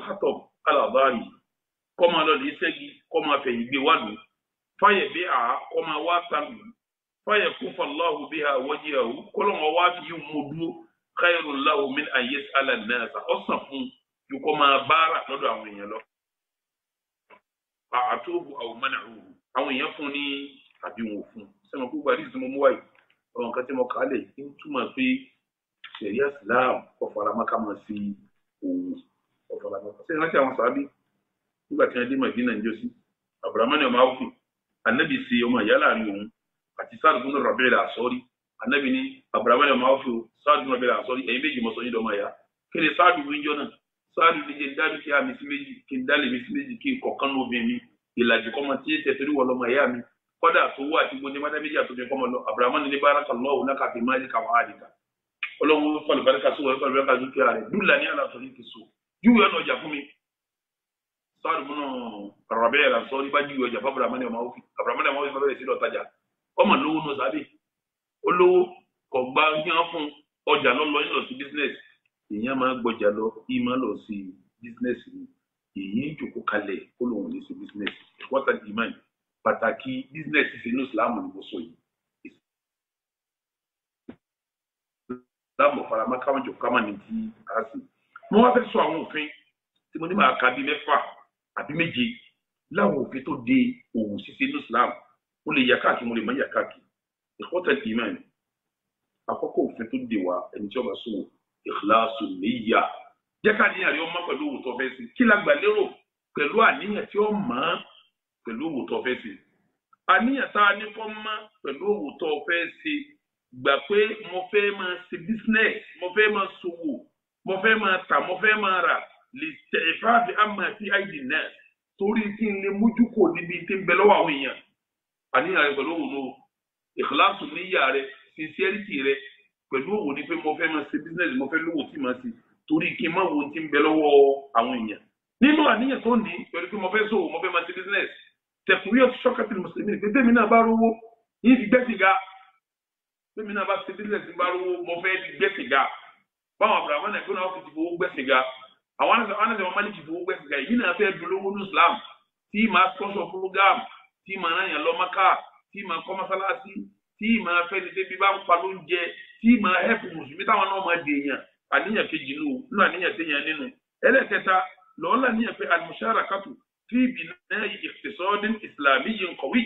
khairun lahu min an yas'ala an-nas ọ̀sán fún ju kó máa báárà lọ́dọ̀ àwọn èèyàn lọ. àtúbù aw man'uhu àwọn èèyàn fún ní àbí wọn ò fún sẹ́wọ̀n kó gbàdí ìsinmi mú wáyé ọ̀rọ̀ nǹkan tí mo kà á lẹ̀ ń túmọ̀ pé sẹ̀ríà islam ọ̀faramaka mọ̀ sí òwò ọ̀faramaka sẹ́yìn láti àwọn sàábí nígbà tí wọ́n dé Mẹ̀dínà níjọ́ sí abdulhamani ọmọ awufi anabi ṣe ọmọ ìyá láàrin òun àti sáàdùkú náà rabi'il asọ́rí anabi ní abdulhamani ọmọ awufi sáàdù rẹ̀ bẹ̀rẹ̀ àsọ̀rí ẹ̀yin méjì mọ̀ sọ yín dọ́mọ ẹ̀yà kí ni sáàdù wíńjọ́ náà sáàdù ní jẹ́ dúkìá mi sí méjì kí n dálé mi sí méjì kí n kọ̀ọ̀kan ló bẹ̀ mi ìlàjì kọ́mọ tí tẹ̀ torí wọ lọ́mọ ẹ̀yà mi kọ́dà tó wà tí gbóni mọ́tà méjì àtòjọ kọ́mọ lọ abrahamu ní baraka lọ́wọ́ náà káfí máa ní ká wàá dìgbà ọlọ́run fọlù barika sí wọ́n fọlù barika dúkìá rẹ̀ dúlà ní alásọ̀rí ti so júwèé mi sáàdù múnà rabẹ́ yàrá sọ ní bá júwèé ọjà fún abrahamu ní ọmọ òfin abrahamu ní ọmọ òfin bá bẹ̀rẹ̀ sí lọ́tajà ọmọ lówó nù sábẹ́ olówó kọ̀gbá yíyan fún un ọjà ló ń lọ yín lọ sí business èèyàn máa gbọjà lọ kí máa lọ sí business ni èyí ń jòkó kalẹ̀ kó lòun lè ṣe business water demand pàtàkì business ṣe ní islam ni mo sọ yìí islam ọ̀faramá káwọn jòkó káwọn ní ti ara sí mo wá fẹ́ sọ àwọn òfin tí mo ní máa ka bíi mẹ́fà àbí méje láwọn òfin tó de òwò ṣíṣe ní islam ó lè yà káàkiri mo lè má yà káàkiri ìkọ́tà demand àkọ́kọ́ òfin tó dè wá ẹni tí ọba sòwò ìkìláàsù níyà jẹ́ ká níyàrí ọmọ pẹ̀lú òwò tó fẹ́ sí kí la gbà lérò pẹ̀lú àníyàn tí ó mọ̀ ọ́n pẹ̀lú òwò tó fẹ́ sí àníyàn tá a ní kọ́ mọ́ pẹ̀lú òwò tó fẹ́ sí gbà pé mo fẹ́ máa ṣe business mo fẹ́ máa sòwò mo fẹ́ máa tà mo fẹ́ máa rà lè tẹ̀ ìfáàfin àmọ́ àti id náà torí kí n lè mójú níbi tí ń bẹ lọ́wọ́ àwọn èèyàn àníyàn rẹ pẹ̀lú òwò náà ìkìláàsù níyà rẹ sincerity rẹ pẹ̀lú òwò ni pé mo fẹ́ máa ṣe business mo fẹ́ lówó tí màá ṣe torí kí n má wo ti ń bẹ lọ́wọ́ àwọn èèyàn nínú àníyàn tó ní pẹ̀lú pé mo fẹ́ sòwò mo fẹ́ máa ṣe business tẹ̀kùrí ọ̀tún ṣọ́kàtì mùsùlùmí pé bẹ́ẹ̀ mi náà bá rówó yìí ti gbẹ́sì ga bẹ́ẹ̀ náà bá ṣe business bá rówó mo fẹ́ ti gbẹ́sì ga báwọn àbúrò àwọn ẹ̀kọ́ náà fi ti fowó gbẹ́sì ga àwọn anẹsẹ̀ wọn máa ní ti fowó gbẹ́sì ga yìí náà fẹ́ dolówó ní tí ìmọ̀ afẹ́ni tẹ́bi bá ń fa lóúnjẹ tí ìmọ̀ ẹ̀pù mùsùlùmí táwọn náà máa dè èèyàn àníyàn kejì nù nù àníyàn téèyàn nínú ẹlẹ́kẹta lọ́ọ́lá níyàn pé al-musharakatu fi bina'i iqtisadin islamiyyin qawi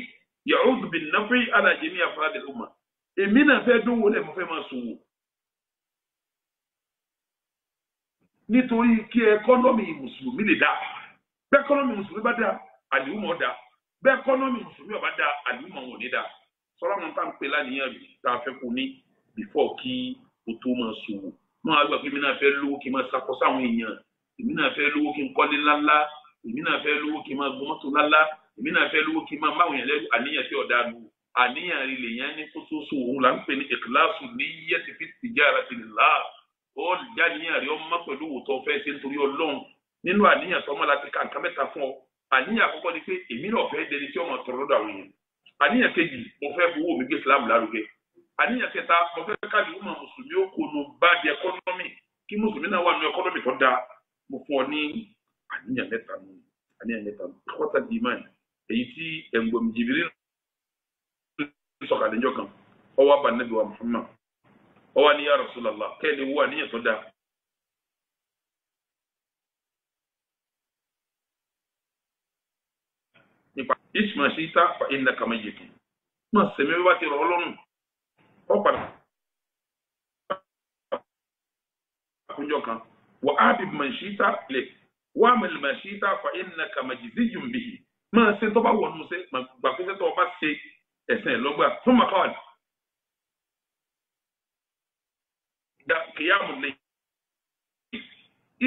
ya'udu bin-naf'i ala jami'i afrad al-umma èmi náà fẹ́ dúnwó lẹ́mọ̀ fẹ́ máa sòwò nítorí kí ẹkọ́nọ́mì mùsùlùmí lè dáa bẹ́ẹ̀ mùsùlùmí bá dáa àlùmọ̀ dáa bẹ́ẹ̀ mùsùlùmí ò bá dáa wọn ò ní dáa sọ́ra wọn tá à ń pè lánìyàn bí tá a fẹ́ kó ní before kí o tó máa ṣòwò máa gbà pé èmi náà fẹ́ lówó kí n máa sakọ sáwọn èèyàn èmi náà fẹ́ lówó kí n kọ́lé ńláńlá èmi náà fẹ́ lówó kí n máa gbọ́ mọ́tò ńláńlá èmi náà fẹ́ lówó kí n máa báwọn èèyàn lẹ́rú àníyàn tí ọ̀dà lu àníyàn rí lèèyàn ní kó tó so òun là ń pè ní ìkìláàsù niyyati fi tijarati lillah ó jáníyàn rí ọmọ pẹ̀lú òótọ́ fẹ́ ṣe nítorí ọlọ́run nínú àníyàn tọ́mọ́ láti ka nǹkan mẹ́ta fún ọ àníyàn àkọ́kọ́ ni pé èmi náà fẹ́ dẹni tí ọmọ tọ̀rọ̀ lọ́dọ̀ àwọn èèyàn àníyàn kejì mo fẹ́ fowó mi gbé Islam lárugẹ àníyàn kẹta mo fẹ́ káàdì ọmọ mùsùlùmí ó kó nu bad economy kí mùsùlùmí náà wà nu economy tó dáa mo fún ọ ní àníyàn mẹ́ta nù àníyàn mẹ́ta nù kọ́tà di imá èyí tí ẹ̀ngbọ̀n jìbìrì sọ̀kàdéjọ́ kan ọwọ́ abànẹ́bí wa Muhammad ọwọ́ àníyàn Rasulullah kẹ́lẹ́ wo àníyàn tó dáa ìsìmọ̀ sí ìta fa ìnà kàmá yìí tún mọ̀ sẹ́mi bá ti rọ̀ ọlọ́run ọ padà àkójọ kan wà á bí mọ̀ sí ìta lè wà á mọ̀ sí ìta fa ìnà kàmá yìí sí yìí bìyì mọ̀ sí tọ́ bá wọ̀ nù sẹ́ gbà pé sẹ́tọ̀ ọba ṣe ẹ̀sìn ẹ̀ lọ́gbà fún màkàwàdì. da kìyàmù lẹ́yìn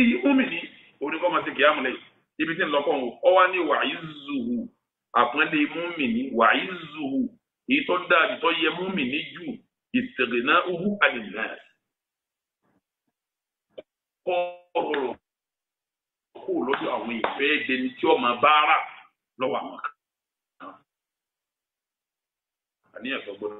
iyì múmi ni oníkọ́ máa ṣe kìyàmù lẹ́yìn ibi tí ń lọ́kọ̀ ọ wá ní wàá yìí àpọ́nlé múmìnì wàyí zuhu èyí tó dáàbì tó yẹ múmìnì jù ìtẹ̀gẹ̀nà uhu àdìgbà. kọ́ ọ̀rọ̀ kó lọ́dọ̀ àwọn ìfẹ́ dẹni tí ọmọ báárà lọ́wọ́ àwọn kan. àníyàn tó gbọ́dọ̀.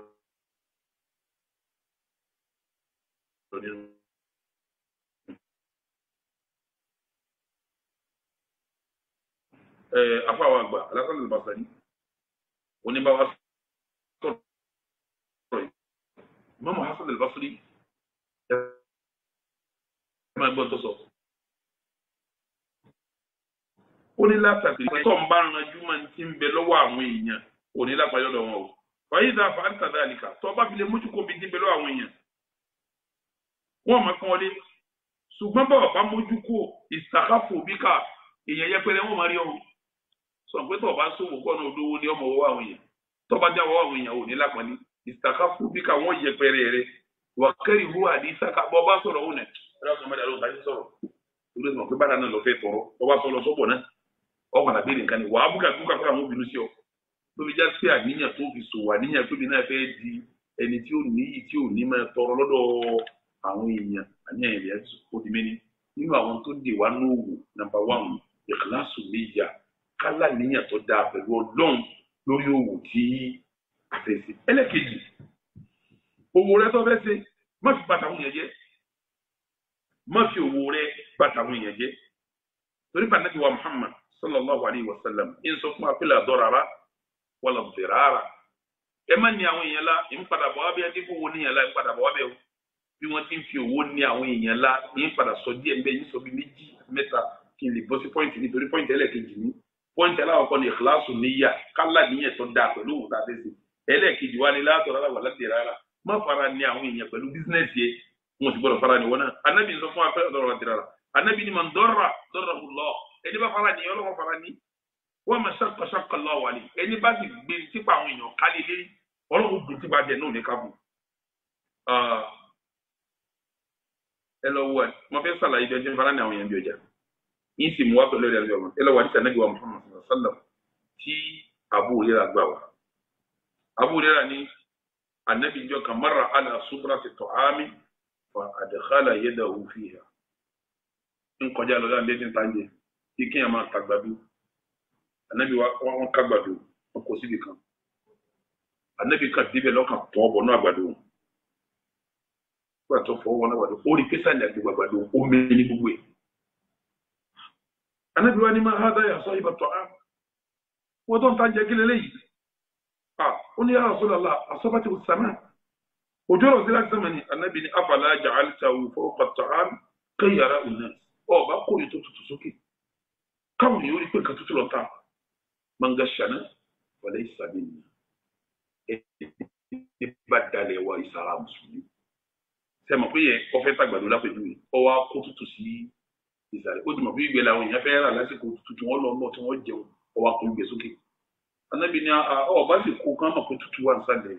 afọ àwọn àgbà alásán al-Basri oníbàwá sọ̀rọ̀ mọ́mọ́ hasan al-Basri ẹ máa gbọ́ tó sọ. ó ní látàkì tó ń bá ranjú máa ti ń bẹ lọ́wọ́ àwọn èèyàn ò ní lápáyọ́ lọ́wọ́ o fàyè dá fà á ń tàdá àlìkà tó bá fi lè mójú kó bí ti ń bẹ lọ́wọ́ àwọn èèyàn wọ́n máa kán ọlé ṣùgbọ́n bá wà bá mójú kó ìsàkáfò bí ká èèyàn yẹpẹrẹ wọ́n máa rí ọ̀hún sọ pé tọ́ọ̀ bá sòwò kọ́nà olówó ní ọmọ owó àwọn èèyàn tọ́ọ̀ bá jáwọ́ àwọn èèyàn ò ní lápọ́nlé ìsàkà fún bí káwọn yẹpẹrẹ rẹ wà kẹ́rì hu àdí sàkà bọ́ bá sọ̀rọ̀ òun náà ẹ̀rọ sọ̀rọ̀ mẹ́ta ló ń báyìí sọ̀rọ̀ olóòtú mọ̀ pé bára náà lọ fẹ́ tọrọ ọba sọ lọ sọ́bọ̀ náà ọkàn àbí nìkan ni wàá bùkà bùkà kó àwọn obìnrin sí ọ lóbi já sí àníyàn tó fi sòwò àníyàn tóbi náà fẹ́ di ẹni tí ó níyì tí ò ní máa tọrọ lọ́dọ̀ àwọn èèyàn àníyàn ìrìn àti sòkò di mẹ́ni nínú àwọn tó dè wá nóòwò nàmbà wà wọn ìkìláàsù méjà kálá níyàn tó dáa pẹ̀lú ọlọ́run lórí òwò tí a fẹ́ ṣe. ẹlẹ́kejì òwò rẹ tó fẹ́ ṣe má fi bàtà àwọn èèyàn jẹ́ má fi òwò rẹ bàtà àwọn èèyàn jẹ́ torí pàtàkì wa Muhammad sallallahu alayhi wa sallam ń sọ fún apẹ́lẹ́ àdọ́rara wàlá dìrara ẹ má ní àwọn èèyàn la ń padà bọ̀ wá bẹ́ẹ̀ dípò wọn níyàn la ń padà bọ̀ wá bẹ́ẹ̀ bí wọ́n ti ń fi owó ní àwọn èèyàn la ń padà sọ díẹ̀ ń bẹ́ẹ̀ yín sọ bí méjì mẹ́ta kí n lè bọ́ sí pọ́ìntì nítorí pọ́ìntì ẹlẹ́ẹ̀kejì ní pọ́ǹtì aláwọ̀kọ́ ni ìkìláàsù níyà kálá níyà tó dáa pẹ̀lú òun tá a fẹ́ ṣe ẹlẹ́ẹ̀kejì wa ni látọ̀ rárá wà láti rárá má fara ní àwọn èèyàn pẹ̀lú bísínẹ́sì yẹ wọn sì gbọdọ̀ fara ní wọn náà anábì sọ fún afẹ́ ọ̀dọ̀ láti rárá anábì ni màá dọ́ra dọ́ra lọ ẹni bá fara ní ọlọ́wọ́ fara ní wọ́n máa ṣàkọ ṣàkọ lọ wà ní ẹni bá sì gbé tipa àwọn èèyàn kálí lé ọlọ́wọ́ gbé tipa jẹ náà ní kábù. Ah, ẹ lọ wọ ẹ mo fẹ́ sàlàyé bí ọjọ́ fara ní àwọn èèyàn bí ọjà yín sì mú wá pẹ̀lú ẹ̀rí ọ̀gbọ̀n ẹ lọ́wọ́ àdìsá nàgbà Muhammad sallam tí Abu Huraira gbà wá Abu Huraira ní anabi njọ kan mara ala subra ti tọ́ àmì fa adkhala yadahu fiha ń kọjá lọ láti ẹni tá ń jẹ kí kéèyàn máa kàgbàdo anabi wọn kàgbàdo wọn kò síbi kan anabi kan débẹ̀ lọ́kàn tọ́ bọ̀ náà àgbàdo wọn gbàtọ́ fọwọ́ náà àgbàdo ó rí pẹ́sà ní àgbègbè àgbàdo ó mẹ́rin ní gbogbo ẹ̀ ànábì wa ni máa hádà yà sọ ibà tọ́ á wọ́n tó ń ta jẹ́ kí lélẹ́yìí ó ní yàrá sọ́lá la àsọ́bà ti sàmà òjò rọ̀ sí láti sàmà ni ànábì ni afàlà jà àlìtàwù fọwọ́pà tọ́ á kéyàrá òun náà ọba kó ètò tuntun sókè káwọn yóò rí pé nǹkan tuntun lọ ta manga ṣàná wàlẹ́ ìsàmì ni ẹ bá dalẹ̀ wa ìsàrà mùsùlùmí sẹ́mi pé yẹ ọfẹ́ tàgbàdo lápẹ̀lú ọwọ́ akó tuntun sí i. ìsàlẹ̀ ó ti mọ̀ fún ìgbé làwọn èèyàn fẹ́ rà lásìkò tuntun tí wọ́n lọ mọ̀ tí wọ́n jẹun ọwọ́ akọ ìgbé sókè anábì ni ah, ah, ọba sì kó kán mọ̀ pé tuntun wà nsàlẹ̀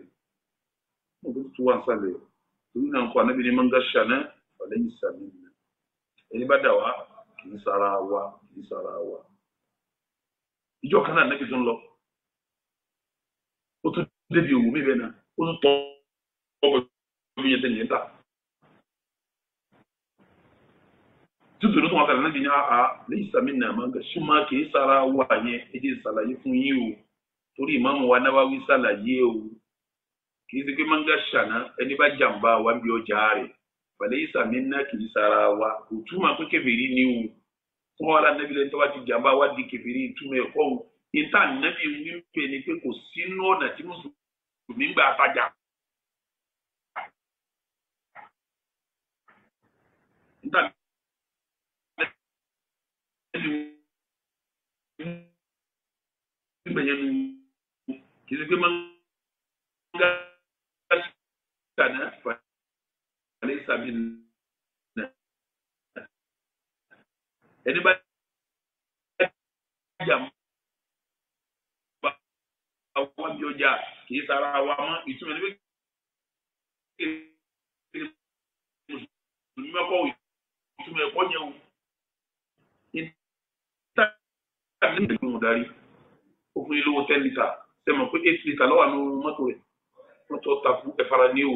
mọ̀ pé tuntun wà nsàlẹ̀ torí náà nǹkan anábì ni mọ̀ngá ṣàná ọ̀lẹ́yìn sàmì nìyẹn ẹni bá dà wá kì í sara wa kì í sara wa ìjọ kan náà anábì lọ ó tún débi òwú mi bẹ́ẹ̀ náà ó tún tọ́ ọ tútù ló tún wá fẹ́ràn náà bí ní àhà lẹ́yìn sàmì náà máa ń gbà súnmọ́ kì í sára wà yẹn ẹ jẹ́ ìsàlàyé fún yín o torí ìmáàmù wa náwáwí sàlàyé o kì í ṣe pé máa ń gbà ṣàná ẹni bá jàǹbá wa ń bi ọjà rẹ̀ pẹ̀lẹ́ yìí sàmì náà kì í wa kò túmọ̀ pé kẹfìrí ni o fún wa la nẹ́bí lẹ́yìn ti jàǹbá wa di kẹfìrí ìtumọ̀ ẹ̀kọ́ o níta nẹ́bí wí pé ni pé kò sínú ọ̀nà tí mùsùlùmí gbà tajà níta gbẹ̀yẹn nu kì í ṣe pé máa ń gá ṣàná fàlẹ́ ìsàmì nà ẹni bá jà àbí ìdílé mo darí ó fún yín lówó ten litre ṣe mọ̀ pé eight litre lọ́wọ́ àánú mọ́tò rẹ̀ mọ́tò takú ẹ̀fara ní o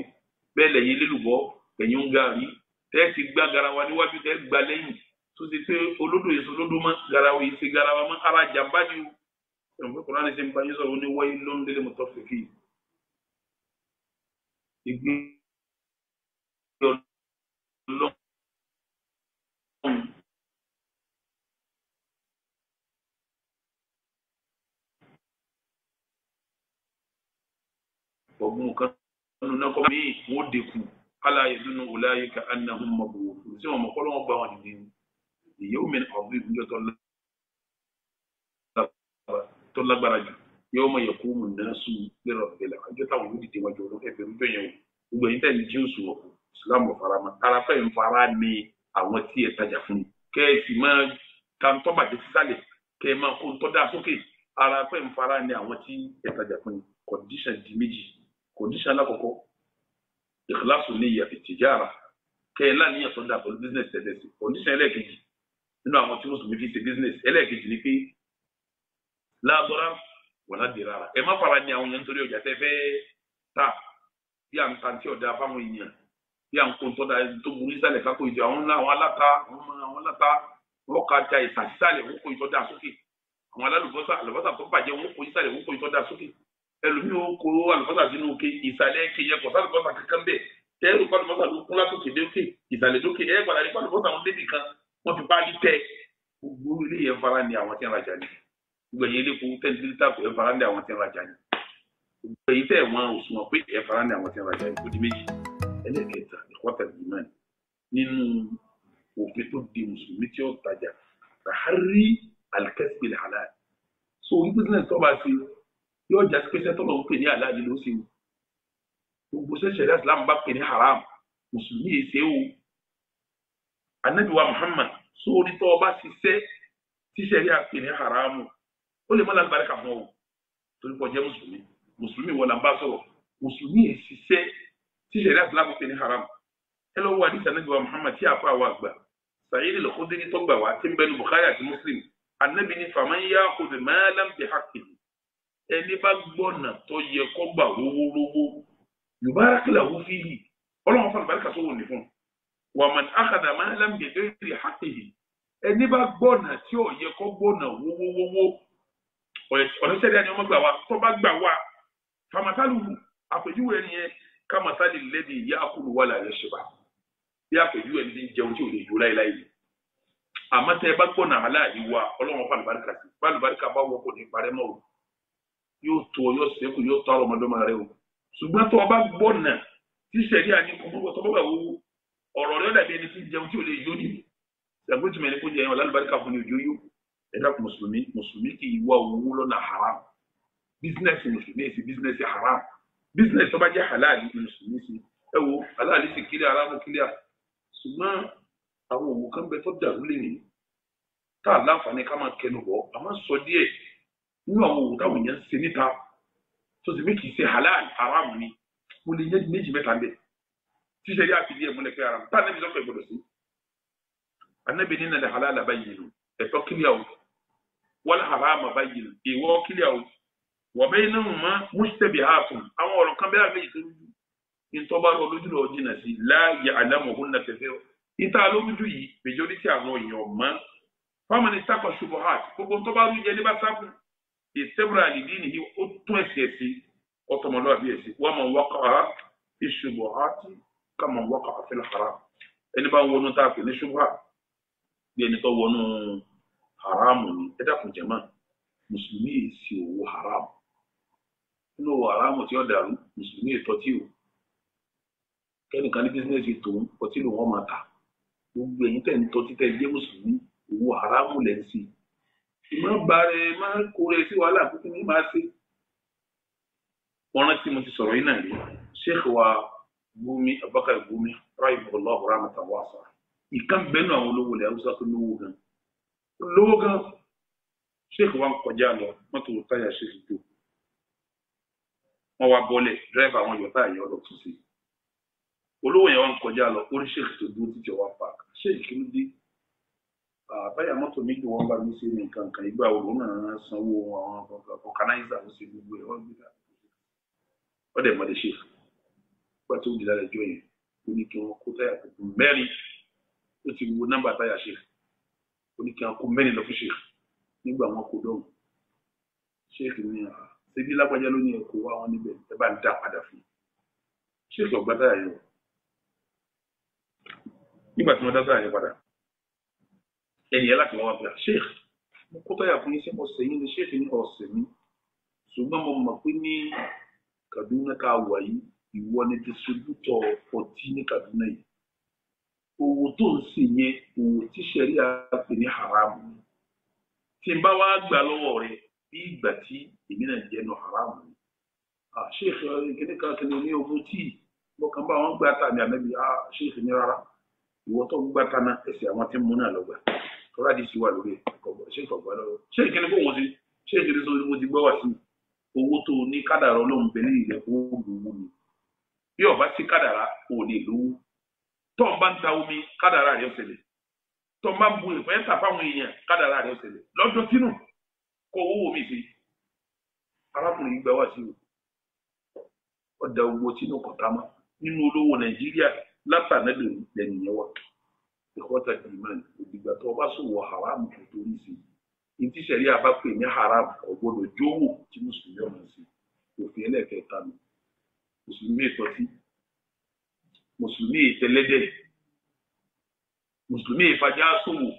bẹ́ẹ̀ lẹ́yìn lélùbọ́ lẹ́yìn ń gàrí tẹ́ẹ̀ ti gbá garawa níwájú tẹ́ẹ̀ gbá lẹ́yìn tó ti pé olódò yìí sọlódò mọ́ garawa yìí ṣe garawa mọ́ ara jàmbá ni o ṣe mọ̀ pé kọ́nà ṣe ń bá yín sọ̀rọ̀ ó ní wáyé lóńdélé mọ́tò fèkì ìgbín ọlọ́run. ọ̀gbun kan nínú náà kọ́ míì wọ́n dẹ̀kù kálá yẹ̀dúnú ọ̀láyé ká anahun mọ̀bù òfin tí wọ́n mọ̀ kọ́lọ́ wọn bá wọn nìyí ni ìyẹ́wò mi ọ̀gbìn ìgbìyànjọ tó lágbára jù yẹ́wò mọ̀ yẹ̀kú mu náà sùn lérò ìbẹ̀lẹ̀ àjọ táwọn yóò dìde wájú ọlọ́ ẹ̀fẹ̀ rújọ yẹn o gbogbo ẹ̀yin tẹ̀lé jíùsù ọ̀kù ìsìlámù ọ̀farama ara fẹ́ ń fara ní àwọn tí ẹ̀ tajà fún mi kẹ́ ẹ sì máa ta ń tọ́bàjẹ́ sísàlẹ̀ kẹ́ ẹ máa kó ń tọ́ dá sókè ara fẹ́ ń fara ní àwọn tí ẹ̀ tajà fún mi kọ̀díṣàn di méjì condition alákọ̀ọ́kọ́ ìkìláṣù ní ìyàfi tìjára kẹ́ ẹ láníyàn tó dà pẹ̀lú business ẹ̀dẹ̀sì condition ẹlẹ́ẹ̀kejì nínú àwọn tí mùsùlùmí fi ṣe business ẹlẹ́ẹ̀kejì ni pé láàbọ̀rá wọ̀lá di rárá ẹ má fara ní àwọn yẹn nítorí ọjà tẹ́ fẹ́ ta bí à ń ta tí ọ̀dà fáwọn èèyàn bí à ń kó tọ́da tó burú ìsàlẹ̀ kákó ìjọ àwọn aláta àwọn aláta wọ́n ka ja ìsàsísàlẹ̀ wọ́n kó ìtọ́da sókè àwọn alálùbọ́sà àlùbọ́sà tó bàjẹ́ wọ́n kó ìsàlẹ̀ wọ́n kó ìtọ́da sókè ẹlòmíì ó kó àlùbọ́sà sínú òkè ìsàlẹ̀ ẹ̀kẹ́ yẹ kọ̀ sálùbọ́sà kankan bẹ̀ tẹ́rù pálùbọ́sà ló kún látòkè lókè ìsàlẹ̀ lókè ẹ̀ padà rí pálùbọ́sà wọn débì kan wọ́n fi páálí tẹ́ gbogbo ilé yẹn fara ní àwọn tí ń rajà ni gbogbo ẹ̀yìn ilé kowó tẹ́lẹ̀ dílítà kò ẹ̀ fara ní àwọn tí ń rajà ni gbogbo ẹ̀yìn tẹ́ wọn òṣùwọ̀n pé ẹ̀ fara ní àwọn tí ń rajà ni kò méjì ẹlẹ́kẹta ìkọ́tà ìmọ̀ni yóò jásí pé sẹ́tọ́lọ̀ ń pè ní aláàlì ló ṣe o gbogbo sẹ́sẹ̀ islam bá pè ní haram mùsùlùmí yìí ṣe o anabiwa muhammad sórí tó o bá ṣiṣẹ́ tíṣẹ́ rí àpè ní haram ó lè má lálùbáríkà fún o torí pọ̀ jẹ́ mùsùlùmí mùsùlùmí wọ̀ là ń bá sọ̀rọ̀ mùsùlùmí yìí ṣiṣẹ́ tíṣẹ́ islam pè ní haram ẹ lọ wọ àdìsí anabiwa muhammad tí a fa àwọn àgbà sàyẹ́lì lọ́kọ́dé ní tọ́gbà wa tí ń bẹnu bukhari ẹni bá gbọ́nà tó yẹ kó gbà rówó rówó yorùbá kílà wó fi yìí ọlọ́run fún àlùbáríkà tó wò ní fún wa man akhadha malam bi ghairi haqqihi ẹni bá gbọ́nà tí ò yẹ kó gbọ́nà rówó rówó ọ̀rẹ́sẹ̀ díẹ̀ ni ọmọ gbà wá tó bá gbà wá fàmátálù àpèjúwe ẹni yẹn kámasálì lẹ́bi ìyá àkúrò wà láyé ṣùgbà bí àpèjúwe ẹni jẹun tí ò lè jó láéláé yìí àmọ́ tẹ́ ẹ bá gbọ́nà aláàyè wa ọlọ́run fún àlùbáríkà sí fún àlùbáríkà bá wọ ní parẹ́ mọ́ yóò tó ọ yóò sẹ́kù yóò tọrọ ọmọdọ́mọ rẹ o ṣùgbọ́n tó o bá gbọ́ nà tí sẹ́rí àní kọ́mọ́wọ́ tó bá wo ọ̀rọ̀ rẹ dàbí ẹni tí ń jẹun tí o lè yó ni ṣàgbéjìmọ̀ ẹni kó jẹ ẹyàn lálùbáríkà fún ni òjò yó ẹ̀dá mùsùlùmí mùsùlùmí kì í wá owó lọ́nà haram bísínẹ́sì mùsùlùmí èsì bísínẹ́sì haram bísínẹ́sì tó bá jẹ́ halali mùsùlùmí sí halali sì kílíà haramu kílíà ṣùgbọ́n àwọn òwò kan bẹ tó dàrú lé ní tá a láǹfààní nínú àwọn òwò táwọn èèyàn ń ṣe níta tó sì mí halal haram ni mo lè yẹ méjì mẹ́ta bẹ́ẹ̀ tíṣe yá fi di ẹ̀mú lẹ́kẹ́ haram tá anábì sọ́kọ̀ ìgbọ́dọ̀ sí anábì nínú ẹ̀ halal bayyinu ẹ̀tọ́ kílíà o wal haram bayyinu ìwọ kílíà o wọ́n bẹ́ẹ̀ nínú mọ́ mustabihatun àwọn ọ̀rọ̀ kan bẹ́ẹ̀ méjì tó rújú ìtọ́ba lọ lójú lọ jìnnà sí láàyè àlámọ̀húnnà kẹfẹ́ ìta lójú yìí majority àwọn èèyàn mọ́ fáwọn ẹni sákọ̀ ṣubuhat gbogbo ntọ́ba lójú ẹni bá sáfún ìsẹ́wúrà àdìdí nìyí ó tún ẹ̀sìn ẹ̀sìn ọ̀tọ̀mọlúwàbí ẹ̀sìn wọ́n mọ̀ wọ́kọ̀ ha ìṣubọ̀ ha ti ká mọ̀ wọ́kọ̀ àfẹ́lẹ̀ haram ẹni bá ń wọnú tá a pè ní ṣubúhà bí ẹni tó wọnú haramu ni ẹ dákun jẹ̀mọ́ mùsùlùmí yìí sì owó haramu nínú owó haramu tí ó dàrú mùsùlùmí yìí tọ́tí o kẹ́nìkan ní bísíǹnẹ́sì tòun ọtí lòun ọmọ ta gbogbo ẹ̀yin tẹ̀ ń tọ́tí tẹ̀ jẹ́ mùsùlùmí owó haramu lẹ́ ń sìn má bare má kúrẹ sí wàhálà kúkú ní máa ṣe. ọ̀ràn tí mo ti sọ̀rọ̀ yìí náà rí sheikh wa Gumi Abubakar Gumi rahimahullah rahmatan wasa ìkan bẹ́ẹ̀ náà àwọn olówó ilẹ̀ haúsá tó lówó gan lówó gan sheikh wa ń kọjá lọ mọ́tò táyà sheikh tó wọ́n wá bọ́lẹ̀ dírẹ́fà àwọn yọ̀tá ẹ̀yọ́ lọ tún sí olówó yẹn wá ń kọjá lọ orí sheikh tó dúró títí ọwọ́ park sheikh ló dé àbáyà mọ́tò méjì wọ́n bá mi ṣe ní nǹkan kan ìgbà òun náà sanwó àwọn ọ̀kanáìsà ló ṣe gbogbo ẹ̀ wọ́n gbé dà wọ́n dẹ̀ mọ́ lè ṣe nígbà tó di lálẹ́ ẹjọ́ yẹn ó ní kí wọ́n kó táyà tuntun mẹ́rin ó ti wo nọ́mbà táyà ṣe ó ní kí wọ́n kó mẹ́rin lọ fún ṣe nígbà wọn kó dọ́hùn ṣéèkì ní à ṣébí lágbájá ló ní ẹ kó wá wọn níbẹ̀ ẹ bá ń dá padà fún ṣéèkì ọ̀gbá táyà yẹn wọ̀ nígbà tí ẹ̀yẹ láti wọ́n pè ah, sheikh mo kó tọ́yà fún yín ṣé mo ṣèyí ni sheikh ní ọ̀sẹ̀ mi ṣùgbọ́n mo mọ̀ pé ní Kaduna ká wà yìí ìwọ ni ti ṣojútọ̀ ọtí ní Kaduna yìí owó tó ń sè yẹn owó tí sẹ́rí àpè ní haramu tí n bá wá gbà lọ́wọ́ rẹ bí ìgbà tí èmi náà jẹ́ nù haramu sheikh kìnìún kan kìnìún ní owó tíì bọ́kàn bá wọn gbà tà ní àmẹ́bí sheikh ní rárá ìwọ tó gbà tà náà ẹsẹ̀ àwọn tí ń náà lọ́gbà tọ́lá di sí wà lórí ẹ̀kọ́ ṣé nǹkan gbọ́dọ̀ ṣé ìkíni kó wọn sí ṣé ìkíni sọ ni mo ti gbọ́ wà sí owó tó ní kádàrá ọlọ́run bẹ ní ilẹ̀ kó lówó ni bí ọba sí kádàrá ò lè lówó tọ́ ń bá ń ta omi kádàrá rẹ̀ ṣẹlẹ̀ tọ́ ń bá ń bu ìpẹ́ ń tà fáwọn èèyàn kádàrá rẹ̀ ṣẹlẹ̀ lọ́jọ́ tínú kó owó mi sí arákùnrin gbà wá sí o ọ̀dà owó tínú kọ̀tà mọ́ nínú olówó Nàìjíríà látà náà lè nìyẹn wà ìkọ́ta ìmọ̀ ìdìgbà tó o bá sùn wọ haramu kò torí sí i tí sẹ̀rí àbá pè ní haram kò gbọdọ̀ jówò tí mùsùlùmí ọ̀nà sí òfin ẹlẹ́ẹ̀kẹta nù mùsùlùmí ìtọ́sí mùsùlùmí ìtẹlẹ́dẹ̀ mùsùlùmí ìfajá sòwò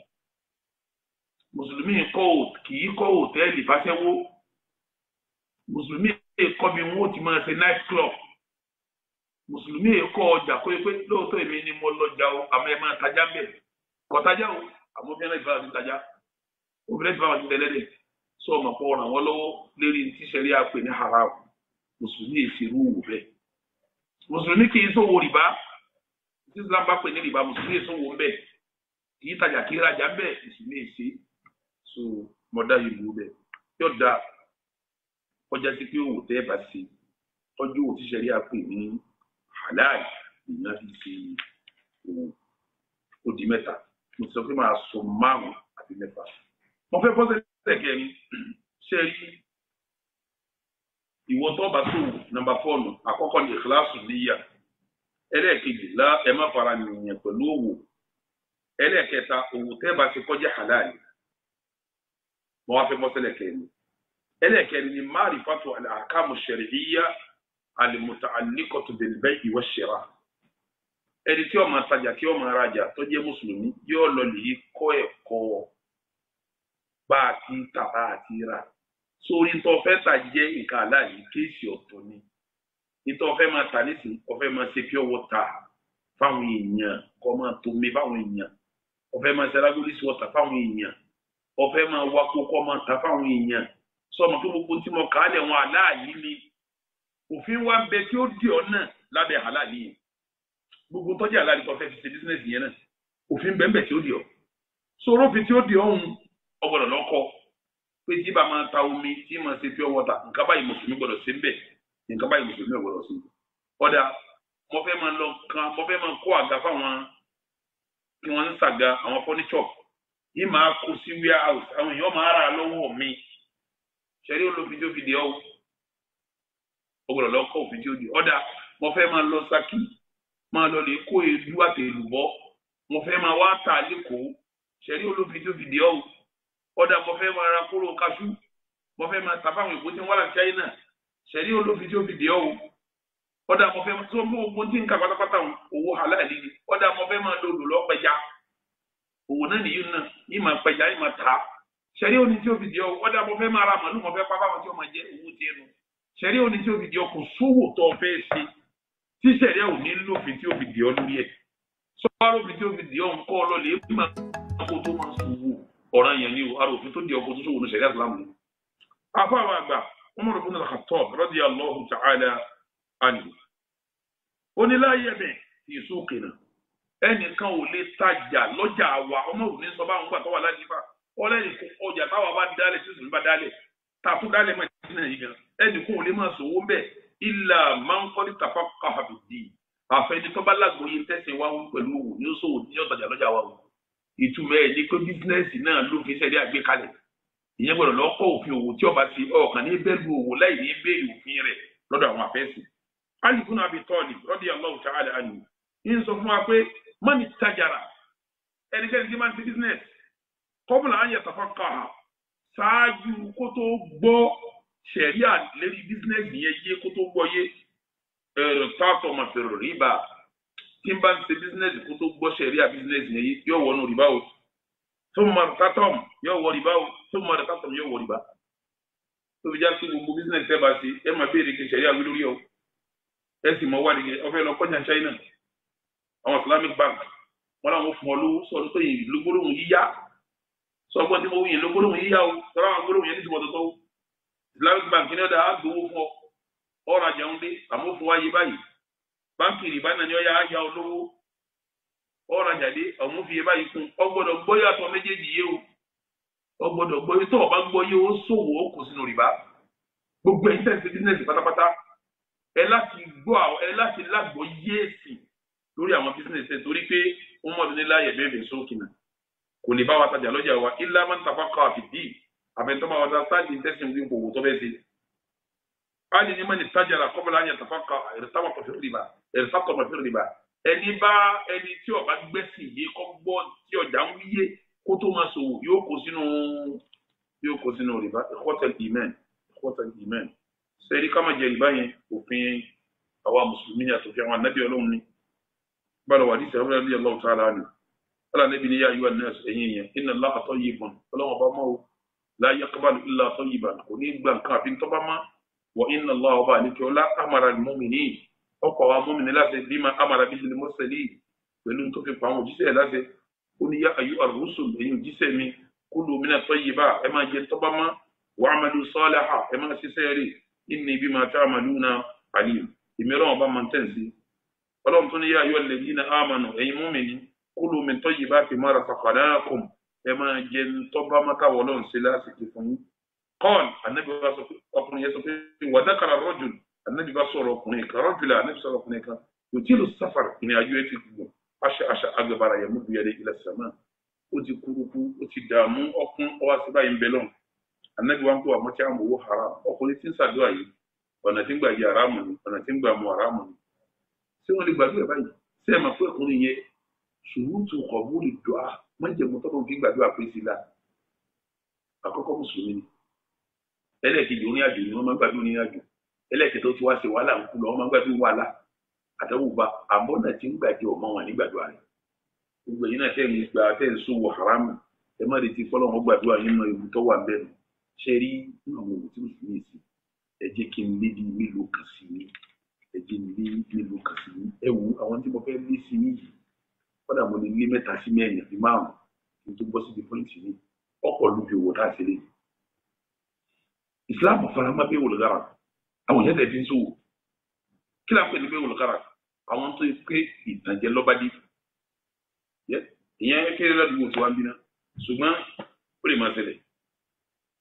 mùsùlùmí kì í kọ́ òtẹ́ẹ̀lì fáṣẹ́wó mùsùlùmí ìkọ́bi wọn ó ti máa ṣe night club mùsùlùmí yìí kọ́ ọjà kó yẹ pé lóòótọ́ èmi ni mo lọ́jà o àmọ́ ẹ máa tajà mbẹ́ kọ́tajà o àmọ́ obìnrin ìfẹ́ àti tajà obìnrin ìfẹ́ àti tẹ̀lẹ́dẹ̀ sọ ma pọ̀ ràn wọ́n lọ́wọ́ lérí tíṣẹ̀rí àpè ní haram mùsùlùmí yìí fi rúwò bẹ́ẹ̀ mùsùlùmí kì í sòwò rìbá tí Islam bá pè ní rìbá mùsùlùmí yìí sòwò mbẹ́ kì í tajà kì í rajà mbẹ́ mùsùlùmí yìí sí so mọ̀dá yìí rú bẹ́ẹ̀ halal ìyẹn fi ṣe òun ó di mẹ́ta mo sọ pé máa sọ márùn àti mẹ́fà mo fẹ́ bọ́sẹ̀ tẹ̀kẹ́ mi ṣe rí ìwọ tó bá sòwò nàmbà fọ́ọ̀nù àkọ́kọ́ ní ìkíláàsù níyà ẹlẹ́ẹ̀kejì lá ẹ má fara nìyẹn pẹ̀lú òwò ẹlẹ́ẹ̀kẹta òwò tẹ́ ṣe kọjá halal mo wá fẹ́ bọ́sẹ̀ tẹ̀kẹ́ mi ẹlẹ́ẹ̀kẹrin ni máàrífàtò àkàmù ṣẹ̀ríyà alimutaalikotu bilbẹ iwọ ṣẹra ẹni tí ó máa tajà tí ó máa rajà tó jẹ́ mùsùlùmí yóò lọ lè kọ́ ẹ̀kọ́ bá a ti tà bá a ti rà sórí tó fẹ́ tà jẹ́ nǹkan aláàyè kéèsì ọ̀tọ̀ ni nítorí ọ̀fẹ́ máa tà nísìnyí ọ̀fẹ́ máa ṣe pure water fáwọn èèyàn kọ́ máa tòmí fáwọn èèyàn ọ̀fẹ́ máa ṣe alágbólis water fáwọn èèyàn ọ̀fẹ́ máa wakó kọ́ máa tà fáwọn èèyàn sọmọ tó gbogbo tí mo kà á lẹ̀ wọn aláàyè ni. òfin wa ń bẹ tí ó dì ọ náà lábẹ́ àlàní yìí gbogbo tọ́jú àlàní tó fẹ́ fi ṣe yẹn náà òfin bẹ́ẹ̀ tí ó dì ọ sọ̀rọ̀ fi tí ó dì ọ́hún ọgbọ́dọ̀ pé tí bá ta omi tí máa ṣe pure water nǹkan báyìí mùsùlùmí ṣe ń nǹkan báyìí mùsùlùmí ṣe mo kan mo máa kó àga fáwọn kí ń ṣàga àwọn furniture yìí máa kó sí warehouse àwọn èèyàn máa rà mi ṣẹ̀rí olófin tó o gbọ́dọ̀ lọ kọ́ òfin tí ó di ọ̀dà mo fẹ́ máa lọ Ṣakí máa lọ lè kó èédú àtẹlùbọ́ mo fẹ́ máa wá tà lẹ́kọ̀ọ́ ṣẹ̀rí olófin tó fìdí ọ́ ọ̀dà mo fẹ́ máa ra kóró kaṣú mo fẹ́ máa tàbá àwọn ìpótí wọn láti China ṣẹ̀rí olófin tó fìdí ọ́ ọ̀dà mo fẹ́ tó mú ogun tí ń kà pátápátá owó halali ni ọ̀dà mo fẹ́ máa lo òdò lọ pẹja òwò náà nìyí náà yìí máa pẹja yìí máa tà ṣẹ̀rí oní tí ó fìdí ọ́ ọ̀dà mo fẹ́ máa ra màlúù mo fẹ́ pápá wọn tí ó máa jẹ owó tiẹ̀ nù ṣẹ̀rí òní tí ó fi di ọkọ̀ sówò tó fẹ́ ṣe tí ṣẹ̀rí ò ní lófin tí ó fi di ọ lórí ẹ̀ sọ́wọ́rọ́ òfin tí ó fi di ọ nǹkan ọlọ́lẹ̀ èyí máa kó tó máa sòwò ọ̀ràn yẹn ni o ara òfin tó di ọkọ̀ tó sòwò ní ṣẹ̀rí àtúlámù. afọ àwọn àgbà Umar ibn al-Khattab radiyallahu ta'ala anhu oníláyẹ bẹ ìṣó kìnnà ẹnìkan ò lè tajà lọ́jà wa ọmọ òní sọ báwọn gbà tó wà lájìbá ọlẹ́yìn ọjà táwa bá dálẹ̀ tí sùn bá dálẹ̀ tààtú dálẹ̀ mọ́ ẹnìkan ò lè máa sòwò ń bẹ ilà máa ń kọ́ ní tàfà káfàbì dì í àfẹni tó bá lágbóyè tẹ̀sìn wa ń pẹ̀lú òwò ní sòwò ní ọ̀tàjà lọ́jà wa o ìtumọ̀ ẹ̀ ní pé bísínẹ́sì náà ló fi sẹ́dí àgbékalẹ̀ ìyẹn gbọ́dọ̀ lọ́kọ́ òfin òwò tí ọba ti ọ̀kan ní bẹ́ẹ̀lú òwò láì ní béèrè òfin rẹ̀ lọ́dọ̀ àwọn àfẹ́sì. alifun abi tọ́ọ̀lì rọ́dí Allahu ta'ala anhu ń sọ fún wa pé mọ́ni tajara ẹnikẹ́ni tí máa ń ṣe bísínẹ́sì kọ́bùlà á yẹ tàfà kàá ṣáájú kó tó ṣẹ̀ríà lérí business yẹn yé kó tó gbọ́yé pàtó màfẹ̀rọ̀ rìbá tí n bá ń ṣe business kó tó gbọ́ ṣẹ̀ríà bísínẹ́sì yẹn yé yóò wọnú rìbá o tó mọ kátọ́m yóò wọ rìbá o tó mọ kátọ́m yóò wọ rìbá tó fi já sí gbogbo bísínẹ́sì tẹ́ bá ṣe ẹ máa béèrè kí ṣẹ̀ríà wí lórí o ẹ sì mọ wádìí ọfẹ́ lọ kọjá China àwọn Islamic bank wọn làwọn fún ọ lówó sọ ọdún tó yìn lógbólóhùn yíyá sọ ọgbọ́n tí mo wù yín lógbólóhùn yíyá o sọ Islamic bank ní ọdọ àgbowó fún ọ ọ̀rọ̀ àjẹun dé àmọ́ fún wáyé báyìí báńkì rìbá náà ni ọ̀yà àyà olówó ọ̀rọ̀ àjàdé ọ̀mú fi yé báyìí kún ọgbọ́dọ̀ gbọ́yọ̀ àtọ̀ méjèèjì yé o ọgbọ́dọ̀ gbọ́yọ̀ tó o bá gbọ́yọ̀ ó ṣòwò ó kò sínú rìbá gbogbo ẹ̀yin tẹ̀sí bísínẹ́sì pátápátá ẹ láti gbọ́ àwọn ẹ láti lágbọ́ yéèsì lórí àwọn bísínẹ́sì ẹ̀ torí pé sókè náà kò lè bá wa tajà wa ni àbẹ̀tọ́ máa ọ̀dà sáàdì tẹ̀sán ní gbogbo tó bẹ́ẹ̀ ṣe. báyìí ní mọ̀ ní tájàrà kọ́bọ̀lá yẹn tàfà kan ẹ̀rẹ́sàmọ̀ pẹ̀fẹ́ rìbá ẹ̀rẹ́sàmọ̀ pẹ̀fẹ́ rìbá ẹni bá ẹni tí ọba gbẹ́sìn yé kọ́ gbọ́ tí ọjà ń wíyé kó tó máa ṣòwò yóò kó sínú yóò kó sínú rìbá ẹ̀kọ́tẹ̀ ìmẹ́n ẹ̀kọ́tẹ̀ ìmẹ́n sẹ́rí ká máa jẹ rìbá yẹn òfin àwa mùsùlùmí ni àtòfin àwọn anábì ọlọ́run ni bára wà dísẹ̀ ọ̀rẹ́ rẹ̀ lọ́wọ́ tá a rà nù ọ̀là níbi ni yá ayú àná ẹ̀yìn yẹn iná láàtọ̀ yìí bọ̀n ọlọ́run ọba máa wò láyé kọ́bálù ilà sọ yìí bàtà kò ní gbà nǹkan àfi tọ́ba má wọ iná lọ ọba àlejò ọlá amara mọ́mìnì ọkọ̀ wa mọ́mìnì láti bí ma amara bí ilé mọ́sẹ̀lì pẹ̀lú tó fi pa àwọn òjíṣẹ́ láti ó ní yá ayú ar-rusul ẹ̀yin òjíṣẹ́ mi kulu mina tayyiba ẹ máa jẹ tọ́ba má wà á malu saliha ẹ máa ṣiṣẹ́ rè inni bima ta'maluna alim ìmíràn ọba máa ń tẹ̀sí ọlọ́run tó ní yá ayú alladhina amanu ẹ̀yin mọ́mìnì kulu min tayyibati ma razaqnakum ẹ máa jẹ tọ́ba mọ́tàwọ́ ọlọ́run ṣe lásìkò fún yín kọ́ọ̀n anabi wa sọ pé ọkùnrin yẹn sọ pé wàdákàrà rọ́jò anabi wa sọ̀rọ̀ ọkùnrin kan rọ́jò la anabi sọ̀rọ̀ ọkùnrin kan kò tí ló sáfàrà ìrìn àjò ẹ̀ ti gùn aṣa aṣa agbára yẹn mú bu yẹn ilẹ̀ sàmà ó ti kúrukú ó ti dààmú ọkùn ọwọ́ àti báyìí ń bẹ lọ́n anabi wa ń kó àmọ́ tí a ń wò haram ọkùnrin ti ń ṣàdúrà yìí ọ̀nà tí ń gbà yí haramu ni ọ̀nà tí ń gbà mu haramu ni ṣé lè gbàdúrà báyìí ṣé máa fún ọkùnrin yẹn ṣùgbọ́n tó lè dùn á mọ́jẹ̀mú tọ́lọ́ fi gbàdúrà pé sí la àkọ́kọ́ mùsùlùmí ni ẹlẹ́ẹ̀kejì orin àjò ni wọ́n máa ń gbàdúrà orin àjò ẹlẹ́ẹ̀kejì tó ti wá ṣe wàhálà ń kú lọ wọ́n máa ń gbàdúrà wàhálà àtẹ̀wò bá àmọ́ náà ti ń gbàjẹ́ ọmọ wọn nígbàdúrà rẹ̀ gbogbo yìí náà tẹ́ ń gba tẹ́ ń sún wọ haramu ẹ má retí fọlọ́ wọn gbàdúrà yín mọ ewu tó wà bẹ́ẹ̀ kódà mo lè lé mẹ́ta sí mẹ́rin àti márùn kí n tó bọ́ síbi pọ́lìtì ní ọ̀pọ̀ ló fi owó tá a ṣe lé islam faramá bẹ́ẹ̀ wò lọ́gàrà àwọn èèyàn tẹ̀ fi ń sòwò kí láà pè ní bẹ́ẹ̀ wò lọ́gàrà àwọn tó pé ìtànjẹ lọ́bàdì ìyẹn kéré ládùúgbò tó wá ń bínà ṣùgbọ́n ó lè máa ṣẹlẹ̀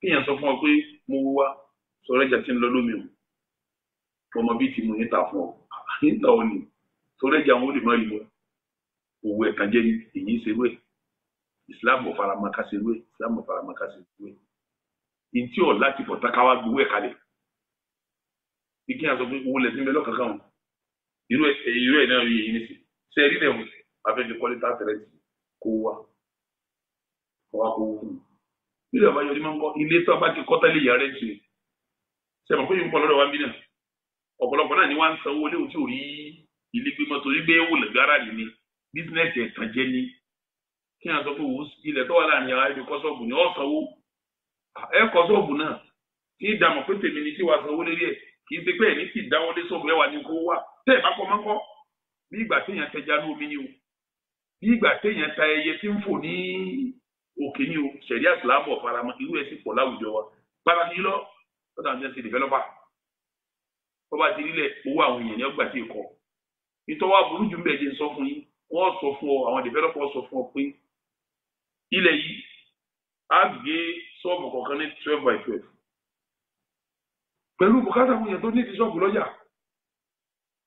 kéèyàn sọ fún ọ pé mo wo wa sọ̀rọ̀ ẹja tí ń lọ lómi o ọmọ bíi ti mo yín ta fún ọ yín ta ọ ni sọ̀rọ̀ ẹja wọn ó lè má rí wọn òwò ẹ̀tàn ni èyí ṣerú ẹ̀ islam ò fara mọ́ ká ṣerú ẹ̀ islam ò fara mọ́ ká ṣerú ẹ̀ ntí ọ̀ láti bọ̀ tá ká wá gbowó ẹ̀ kalẹ̀ ike yà sọ pé owó lẹ́sìn bẹ́ẹ̀ lọ́kàn kan irú ẹ̀ náà rí èyí nísì ṣe é rí rẹ̀ wọ̀n afẹ́fẹ́ kọ́lé tá tẹ̀lé tì kó wá kó wá kó wó fún mi ilé àbáyọ ni máa ń kọ́ ilé tó a bá ti kọ́ tẹ́lẹ̀ yàrá ẹ̀ tì ṣe mọ̀ Business ẹ̀sán jẹ́ ní kí n sọ pé wò ó ilẹ̀ tó wà láàrin yàrá ibi kọ́ sọ́ọ̀bù ni ọ̀ sanwó ẹ kọ́ sọ́ọ̀bù náà kí n dààmú pé tèmi ni tí wàá sanwó lérí ẹ̀ kì í ṣe pé ẹni tí dáwọ́lé sọ́ọ̀bù ẹ̀ wà ní kó wà tẹ́ ẹ̀ bá kọ́ mọ́kọ́ bí ìgbà téèyàn tẹja ní omi ni o bí ìgbà téèyàn ta ẹyẹ tí ń fò ní òkè ni o ṣẹ̀rí àsìlámù ọ̀faramọ́ irú ẹ̀ sì pọ̀ láwùjọ wa pàtàkì lọ lọ́dọ̀ àwọn jẹ́sí dìfẹ́lọ́pà tó fún yín wọ́n sọ fún ọ àwọn developer sọ fún ọ pé ilẹ̀ yìí á gbé sọ́ọ̀bù kọ̀ọ̀kan ní twelve by twelve pẹ̀lú bùkátà fún yẹn tó ní ti sọ́ọ̀bù lọ́jà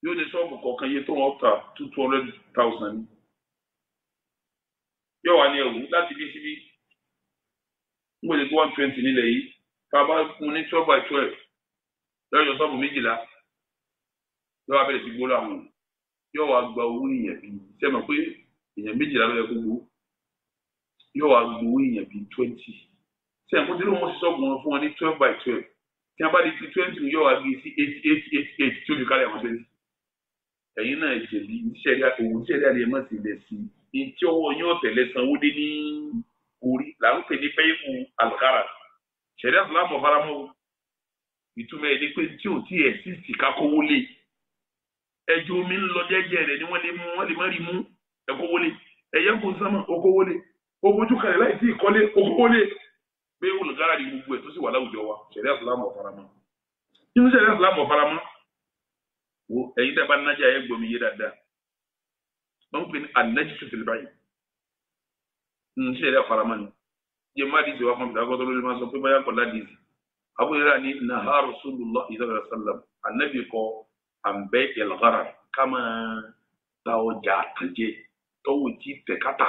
yóò ní sọ́ọ̀bù kọ̀ọ̀kan yẹ tó wọn ta two hundred thousand ní yóò wá ní ẹ̀wù láti bí síbí n kò lè gbé one twenty nílẹ̀ yìí tá a bá fún ní twelve by twelve lọ́jọ́ sọ́ọ̀bù méjìlá yóò wá bẹ̀rẹ̀ sí gbóló àwọn ọ̀hún yóò wá gba owó èèyàn bíi ṣe mọ̀ pé èèyàn méjìlá ló yẹ kó gbowó yóò wá gbowó èèyàn bíi twenty ṣe mọ̀ pé wọ́n sọ gbọ́n fún wọn ní twelve by twelve tí wọ́n bá di ti twenty yóò wá gbé sí eight eight eight eight tí ó fi kárí àwọn twenty ẹ̀yin náà jẹ̀bi iṣẹ́ rí òun iṣẹ́ rí àdìyẹ mọ̀ sí ilẹ̀ sí i tí ọwọ́ yóò tẹ̀lé sanwó dé ní orí là ń pè ní pẹ́ẹ́mù àlùkárà ṣẹ̀dá ìsìlámù ọ̀faramọ́ ìtumọ̀ ẹ̀ ní pé tí ò tí ẹ̀ sí ìsìkákówó lé ẹjọ omi ń lọ jẹ́jẹ́ rẹ̀ ni wọ́n lè mú wọ́n lè má rí mú ẹkọ wọlé ẹyẹ ń kó sánmà ọkọ wọlé ojú kalẹ̀ láì tí ìkọ́lé ọkọ wọlé pé olùgára ni gbogbo ẹ̀ tó sì wà láwùjọ wa ṣẹ̀ríà Ìsìlámù ọ̀faramọ́ inú ṣẹ̀ríà Ìsìlámù ọ̀faramọ́ wo ẹ̀yin tẹ́ bá nájà ẹ̀ gbọ́mi yé dáadáa wọ́n ń pè ní anájì fífi báyìí inú ṣẹ̀ríà ọ̀faramọ́ ni jẹ́ má dìísì wá fún mi dákọ́ tó lórí máa sọ pé báyà kọ́ ládìísì àbúrò yẹn ní nahar rasulullah sallallahu alaihi wasallam àǹbẹ́ ìlọ́gàrà ká máa gba ọjà àtànjẹ tọ́wọ́ tí tẹ̀ kátà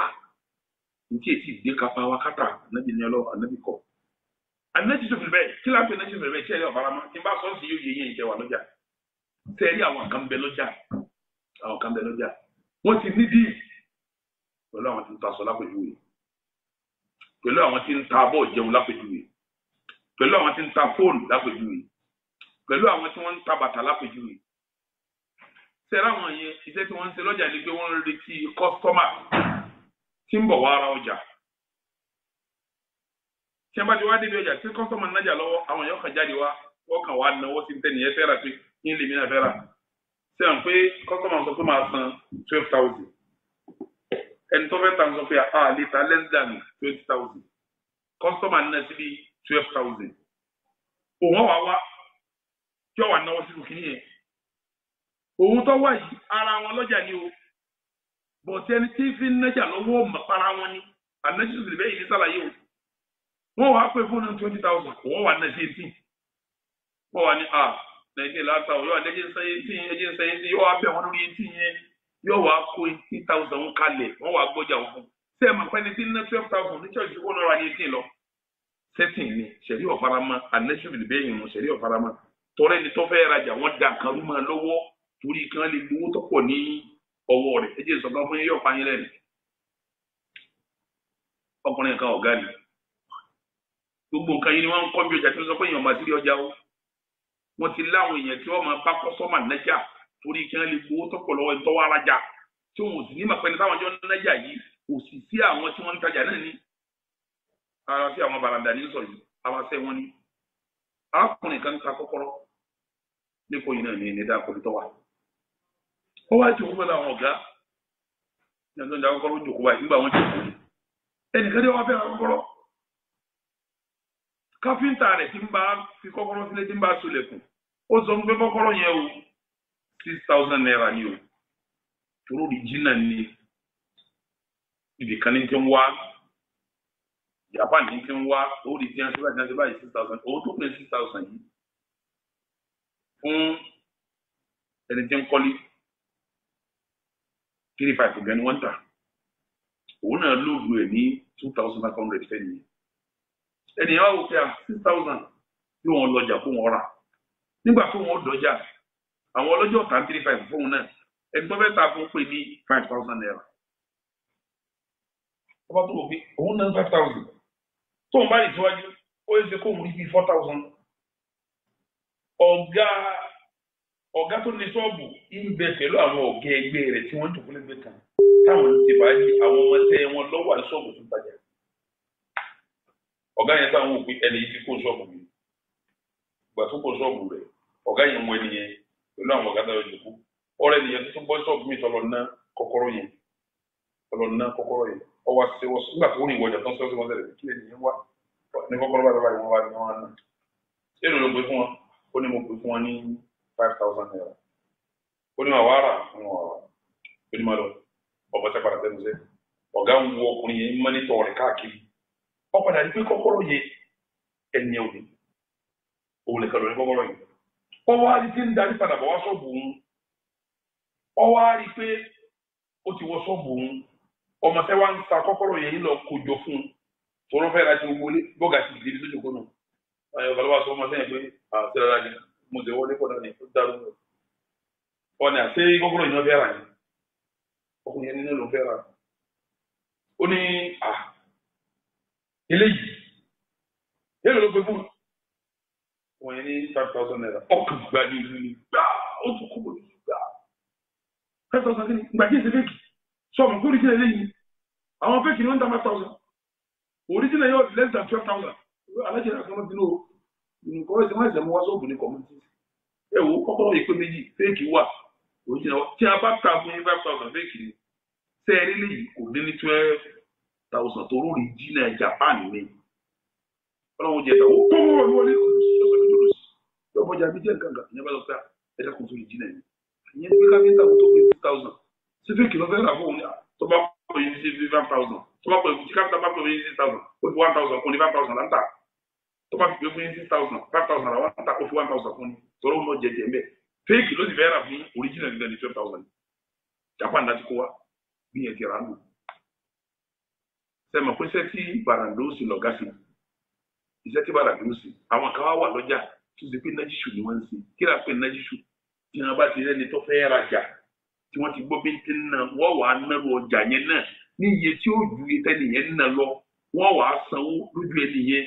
ntí èsì dé kápá wa kátà ànábì ní ọlọ́ ànábì kọ. ànábì tó fìlẹ̀ bẹ́ẹ̀ kí lápẹ́ ànábì fìlẹ̀ bẹ́ẹ̀ tí ẹ yọ ọ̀bára ma tí n bá sọ́ọ̀sì yóò yẹ yẹn ìjẹwà lọ́jà tẹ́ẹ̀rí àwọn kan bẹ lọ́jà àwọn kan bẹ lọ́jà wọ́n ti ní díì pẹ̀lú àwọn tí ń ta aṣọ lápẹ̀júwe pẹ̀lú àwọn tí ń ta abọ́ ìjẹun lápẹ̀júwe pẹ̀lú àwọn tí ń ta fóònù lápẹ̀júwe pẹ̀lú àwọn tí wọ́n ń ta bàtà lápẹ̀júwe sẹ́rà wọn yẹn iṣẹ́ tí wọ́n ń ṣe lọ́jà ni pé wọ́n ń retí kọ́sítọ́mà tí ń bọ̀ wá ara ọjà tí wọ́n bá ti wá débi ọjà tí kọ́sítọ́mà ń nájà lọ́wọ́ àwọn èèyàn kan jáde wá wọ́n kàn wá náwó sí tẹ́ nìyẹn fẹ́ra pé kí n lè mìíràn sẹ́wọ̀n pé kọ́sítọ́mà sọ pé máa san twelve thousand ẹni tó fẹ́ ta sọ pé a lè ta less than twenty thousand kọ́sítọ́mà náà síbi twelve thousand òun wà wá tí wọ́n wà náwó sí òun tó wà yìí ara wọn lọ́jà ni o bọ̀tí ẹni tí fi ń nájà lọ́wọ́ para wọn ni ànájú sì bẹ́ẹ̀ yìí sàlàyé o wọ́n wàá pè fóònù twenty thousand wọ́n wà náà eighteen wọ́n wà ní a nàìjíríà láta o yóò wà lẹ́jẹ̀ sẹ́yìn eighteen ẹ̀jẹ̀ sẹ́yìn eighteen yóò wà bẹ̀ wọ́n lórí eighteen yẹn yóò wà kó eighteen thousand kalẹ̀ wọ́n wà gbọ́jà wọn fún sẹ́ẹ̀ mọ̀ pẹ́ni tí ń ná twelve thousand ní church ó lọ́ra ní eighteen lọ setting ni sẹ̀rí ọ̀farama ànájú sì bẹ́ẹ̀ yìí sẹ̀rí ọ̀farama tọ́rẹ́ni tó fẹ́ rajà wọ́n da kan ló máa lọ́wọ́ torí kan lè gbowó tó pọ̀ ní ọwọ́ rẹ̀ ẹ jẹ́ ìsọ̀kan fún yín yóò pa ọkùnrin kan ọ̀gá ni gbogbo nǹkan yìí ni wọ́n ń kọ́ bí ọjà tí wọ́n sọ pé èèyàn máa ti rí ọjà o wọ́n ti láwọn èèyàn tí wọ́n máa bá kọ́sọ́mà nájà torí kí wọ́n lè gbowó tó pọ̀ lọ́wọ́ ìtọ́wọ́ alájà tí wọn ò sì ní màpẹ ní táwọn jọ nájà yìí kò sì sí àwọn tí wọ́n ń tajà náà ní ara sí àwọn ni arákùnrin kan wọ́n wá jòkó pẹ̀lú àwọn ọ̀gá nígbà tó ń da kọ́kọ́rọ́ jòkó báyìí nígbà wọ́n jòkó ẹnìkan dé wọ́n fẹ́ ra kọ́kọ́rọ́ káfíńtà rẹ̀ ti ń bá fi kọ́kọ́rọ́ sílé ti ń bá solẹ̀kùn ó sọ pé kọ́kọ́rọ́ yẹn o six thousand naira ni o tóró rí jìnnà ni ibìkan ní ti ń wá japan ní ti ń wá ó rí ti ń ṣe báyìí ti ń ṣe six thousand owó tó pè six thousand yìí fún ẹni tí ń kọ́lé three five ọ̀gá ni wọ́n tà òun náà lóògùn ẹ̀ ní two thousand five hundred fẹ́ nìyẹn ẹni ẹ wá wò pé à ah, six thousand kí wọ́n lọ́jà kó wọ́n rà nígbà tó wọ́n dọ́jà àwọn ọlọ́jọ́ tà three five fóun náà ẹgbẹ́ bẹ́ẹ̀ ta fún pé ní five thousand naira ọba tó wò pé òun náà five thousand tóun bá lè síwájú ó yẹ kó òun rí bíi four thousand ọ̀gá ọ̀gá tó ní ṣọ́ọ̀bù ń bẹ pẹ̀lú àwọn ọ̀gá ẹgbẹ́ rẹ̀ tí wọ́n jòkó lẹ́gbẹ̀ẹ́ kan táwọn ti báyìí àwọn ọmọọṣẹ́ wọn lọ́wọ́ àti ṣọ́ọ̀bù tó ń tajà ọ̀gá yẹn táwọn òpin ẹni yìí ti kó ṣọ́ọ̀bù mi ìgbà tó kó ṣọ́ọ̀bù rẹ̀ ọ̀gá yẹn mọ ẹni yẹn pẹ̀lú àwọn ọ̀gá táwọn jòkó ọ̀rẹ́ nìyẹn tó tún bọ́ ṣọ́ọ̀bù mi tọ́lọ ná mo pè fún five thousand naira ó ní màá rà fún ọ ó ní màá lọ ọ̀pọ̀ o padà sẹ́nu sẹ́ ọ̀gá ń wo ọkùnrin yẹn mọ́nítọ̀ rẹ̀ káàkiri ó padà rí pé kọ́kọ́rọ́ yẹ ẹni ẹ̀ òní òun nìkan lórí kọ́kọ́rọ́ yìí ó wá rí tí ń darí padà bọ̀ wá sọ́ọ̀bù òun ó wá rí pé ó ti wọ sọ́ọ̀bù òun o tẹ́ wá ń ta kọ́kọ́rọ́ yẹn lọ kójọ fún un tó lọ́ fẹ́ ra ti wọlé bọ́gà ti dìde tó jòkó nù ọ̀gá ló wá sọ ọmọ sẹ́yìn pé àṣẹ rárá ni mo lè wọlé kọ́dà ní fún dàrú mi ọ̀nà àṣẹ kọ́kọ́rọ́ ìyàn fẹ́ rà ní ọkùnrin yẹn nínú ló fẹ́ rà ó ní à eléyìí èlò ló gbé fún wọn yẹn ní five thousand naira ọkàn gba ní ìlú ni gbà ó tún kúbò ní gbà five thousand kìíní gbàgbé ṣe fẹ́ẹ̀kì sọ ọmọ kúrò ìṣẹ̀lẹ̀ eléyìí àwọn fẹ́ẹ̀kì ni wọ́n ń ta five thousand original yóò less than twelve thousand alájẹ àkàmọ́ bínú o nǹkan ẹsẹ̀ máa ṣẹ̀ mú wá sóògùn ní community ẹ wò ó kọ́kọ́rọ́ yìí pé méjì fẹ́ẹ̀kì wà òjìnà tí a bá ta fún yín five thousand fẹ́ẹ̀kì ni tẹ́ ẹ nílé yìí kò ní ní twelve thousand tó rúurì jìnnà Japan ni ọlọ́run jẹ ìtàwọ́ kó wọ́n wọlé lọ́sọ̀rọ̀sọ̀rọ̀sọ̀rọ̀ lọ́mọdé abidjan kankan ìyẹn bá lọ pé ẹ̀dá kan tó yìí jìnnà yìí ìyẹn ní káfíńtà tó pé two thousand ṣé fẹ́ẹ̀kì ló fẹ́ rà fún òun tó bá pọ̀ yìí sí five thousand tó bá pọ̀ yìí káfíńtà bá pọ̀ yìí sí thousand ó fi one thousand kún ní five thousand láǹtà tó bá fi gbé six thousand five thousand àwọn àtà kó fi one thousand fún ni tọ́lọ́ wọn jẹjẹ mbẹ fake ló sì fẹ́ rà fún original nígbà ní twelve thousand japan láti kó wa bí yẹn ti rà á lò sẹ́mi pèsè tí bàràndó sì lọ́gá sí iṣẹ́ tí bàràndó sì àwọn kan wá wà lọ́jà tó ṣe pé nájíṣù ni wọ́n ń ṣe kí ló pé nájíṣù tí wọ́n bá ti rẹ́ni tó fẹ́ rajà tí wọ́n ti gbọ́ bí ti ń na wọ́n wàá náró ọjà yẹn náà ní iye tí ó ju iye tẹ́nìyẹn ń na lọ wọ́n wàá sanwó lójú ẹnìyẹn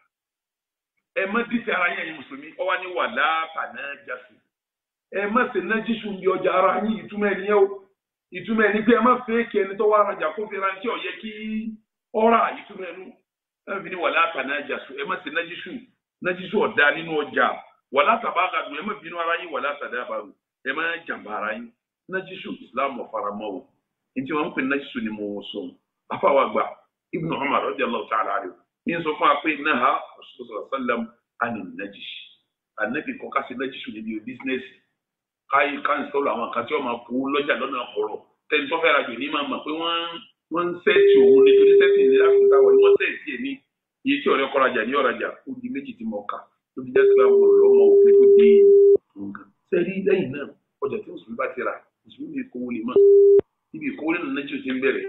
ẹ má dífẹ́ ara yín ẹ̀yin mùsùlùmí ọwọ́ ni wà láàbànà jásù ẹ má ṣe ná jíṣù ń bi ọjà ara yín ìtumọ̀ ẹ̀ nìyẹn o ìtumọ̀ ẹ̀ ní pé ẹ má fẹ́ kí ẹni tó wá arajà kó fi rántí ọ̀yẹ́ kí ọ̀rà ìtumọ̀ ẹ̀ nù ẹ fi ni wà láàbànà jásù ẹ má ṣe ná jíṣù ná jíṣù ọ̀dà nínú ọjà wà látàbà àgàdùn ẹ má bínú ara yín wà látàdà àbàrù ẹ má jàmbá ara o ntí wọn ń pè ná jíṣù ni mo sọ afáwàgbà ní sọ fún apẹ náà ọsọsọ sálẹm àní nàjìṣì ànábì kọ káṣí nàjìṣì níbi bísínẹsì káyí káńsítọọlù àwọn kan tí wọn máa kó lọjà lọnà ọ̀rọ̀ tẹni tó fẹẹ rajo ní máa mọ pé wọn wọn ń sẹẹtì òun nítorí sẹẹtì ní láti ta wọn ni wọn sẹẹtì ẹ ní iye tí ọ̀rẹ́ kọrajà ní ọrajà ó di méjì tí mo kà ló fi jẹ sí àwọn ọmọ òfin tó di nǹkan sẹẹrí lẹ́yìn náà ọjà tí mùsùlùmí bá ti rà mùsùlùmí kò wọlé mọ ibi ìkówó nínú nàìjíríà ti ń bẹ̀rẹ̀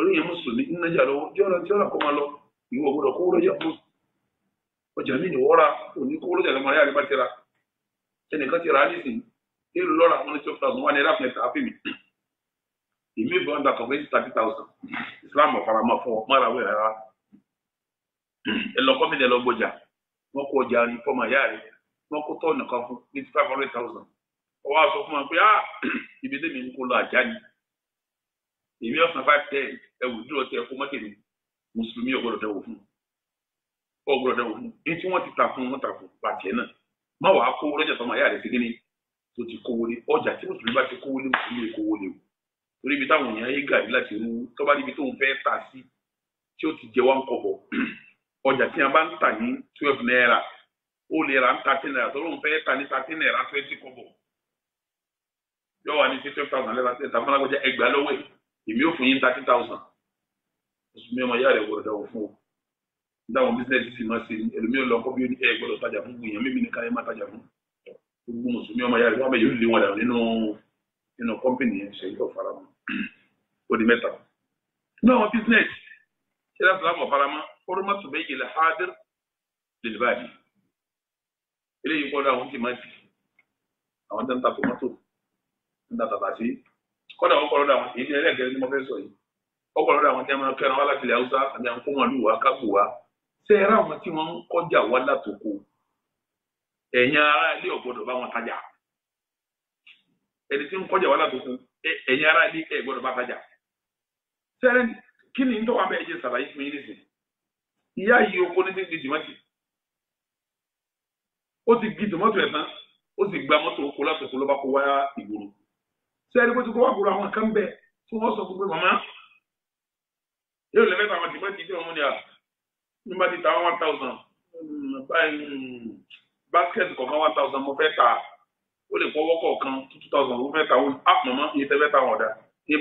orí yẹn mùsùlùmí nnájà lọ jọ́ra tí ọ̀rà kọ́ máa lọ ìwọ gbọ́dọ̀ kó lọ́jà fún ọjà mi ní wọ́ra òní kó lọ́jà lọ́mọ ayé àríwá ti ra ẹnìkan ti ra á nísìnyí èrò lọ́ra wọn ní twelve thousand one naira fún ẹ̀ta àfi mi èmi bọ̀ ọ̀dà kọ̀ọ̀kan ní thirty thousand Islam ọ̀faramọ́ fún ọ mọ́ra wẹ̀ rárá ẹ lọ kọ́mí ẹ lọ gbọ́jà wọn kó ọjà rí fọmọ ayá rí wọn kó tọ́ọ̀nù kan fún ní five hundred thousand ọwọ́ àṣọ fún wa pé ah ibi èmi ọ̀sán five ten ẹ̀wù dúró tẹ ẹ̀kọ́ mọ́tẹ̀lẹ̀ mùsùlùmí ọ̀gbọ́dọ̀ dẹ̀wò fún ọ̀gbọ́dọ̀ dẹ̀wò fún etí wọ́n ti ta fún wọn ta fún bàtẹ́ náà má wàá kó rọ́jà tó máa yá rẹ̀ sígi ni tó ti kówó lé ọjà tí mùsùlùmí bá ti kówó lé mùsùlùmí lè kówó lé o torí ibi táwọn èèyàn yé gàrí láti rú tó bá níbi tó ń fẹ́ ta sí tí ó ti jẹ wá ń kọ̀ [CLEARS THROAT] ọjà tí a bá ń tà ní twelve naira ó lè ra ń ta ten naira tó ló ń fẹ́ ta ní thirteen naira twenty kọ̀ bọ̀ yọ wà ní twelve thousand lẹ́la tẹ̀ tàbí ọ̀nà àgbẹ̀jẹ̀ ẹgbàá lọ́wọ́ yìí èmi ò fún yín thirty thousand oṣù mi ọmọ ìyá rẹ̀ wọ̀rọ̀ dáwọ̀ fún o dáwọn bísíǹsì sì máa ṣe ní ẹlòmíì ọlọ́kọ́ bí ẹ gbọ́dọ̀ tajà fún gbìyàn mímí ní káyọ̀ máa tajà fún gbogbo mùsùlùmí ọmọ ìyá rẹ̀ wọ́n bẹ yóò lé wọn dànù nínú nínú kọ́mpìnì yẹn ṣe yóò fara mọ́ ó di mẹ́ta ní àwọn bísíǹsì ṣẹlẹ̀ sàlámù ọ̀farama kọ́rọ́mà tó bẹ́ yẹlẹ̀ hádir lèlibáàdì eléyìí kọ́ kọ́dà wọ́n kọ́ lọ́dọ̀ àwọn èyí ẹlẹ́gẹ̀rẹ́ ni mo fẹ́ sọ yìí wọ́n kọ́ lọ́dọ̀ àwọn tí a máa fẹ́ràn wá láti ilẹ̀ haúsá àti àwọn kómọlù wa kápò wa ṣé ẹ rá àwọn tí wọ́n ń kọjá wá látòkò ẹ̀yin ará ilé ọ̀gbọ́dọ̀ bá wọn tajà ẹni tí ń kọjá wá látòkò ẹ̀yin ará ilé ẹ̀ bá tajà sẹ́rẹ́ kí ni nítorí wọn bẹ ẹ̀jẹ̀ sàlàyé fún yín nísìn ìyá yìí oko ní ti sẹ́ni bó ti kọ́ wàgùrọ̀ àwọn kan bẹ̀ fún wọn fún pé màmá yóò lè àwọn tìmọ́ ti dé ọmọ ni à nígbà tí ta one thousand báyìí hmm, basket kọ̀ọ̀kan one thousand mo fẹ́ ta ó lè fọwọ́ kọ̀ọ̀kan two thousand mo fẹ́ ta ó ah, á pọ̀ iye tẹ́ ta wọn dà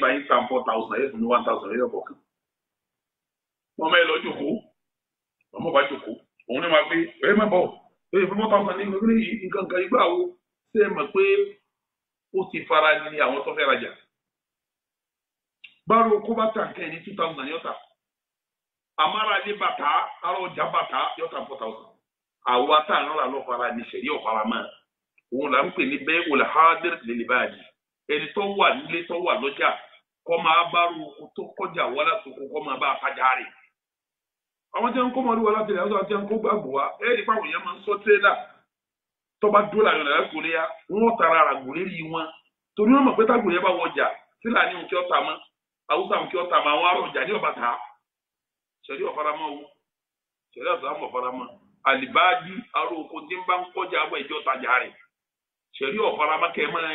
báyìí ta four thousand yẹ fún mi one thousand yẹ kọ̀ọ̀kan wọn bẹ lọ jòkó ọmọ bá jòkó òun ni wọn gbé ẹ mẹ ẹ fún mọ́tàwọn ní nǹkan kan igbá wo ṣé ẹ mọ̀ pé ó ti fara ní àwọn tó fẹ́ rajà báwo kó bá tàn kẹ́ ní two thousand yọta àmàrà ní bàtà àrò ọjà bàtà yọta four thousand àwa tá à ń rà lọ fara ní sẹ̀rí ọ̀fara mọ́ òun là ń pè ní bẹ́ẹ̀ wòlá hádìrì lèlè báyìí ẹni tó wà nílé tó wà lọ́jà kọ́ máa bá ru tó kọjá wọlé àtòkò kọ́ máa bá a fajà rè àwọn tí wọn kọ́ mọ́ ní wọlé àtẹlẹ àwọn tí wọn kọ́ gbàgbọ́ wa ẹ̀ẹ́dì tọ́ba dúró láàrin ọ̀dà láti oríyá wọ́n tara àràgò lérí wọn torí wọ́n mọ̀ pé tágùn yẹn bá wọjà sílàní òun kí ọ ta mọ́ haúsá òun kí ọ ta mọ́ àwọn ará ọjà ní ọ̀bà ta sẹ̀rí ọ̀faramọ́ o sẹ̀rí ọ̀sán ọ̀faramọ́ àlìbáàdì aró oko tí ń bá ń kọjá àwọn ìjọ tajà rẹ̀ sẹ̀rí ọ̀faramọ́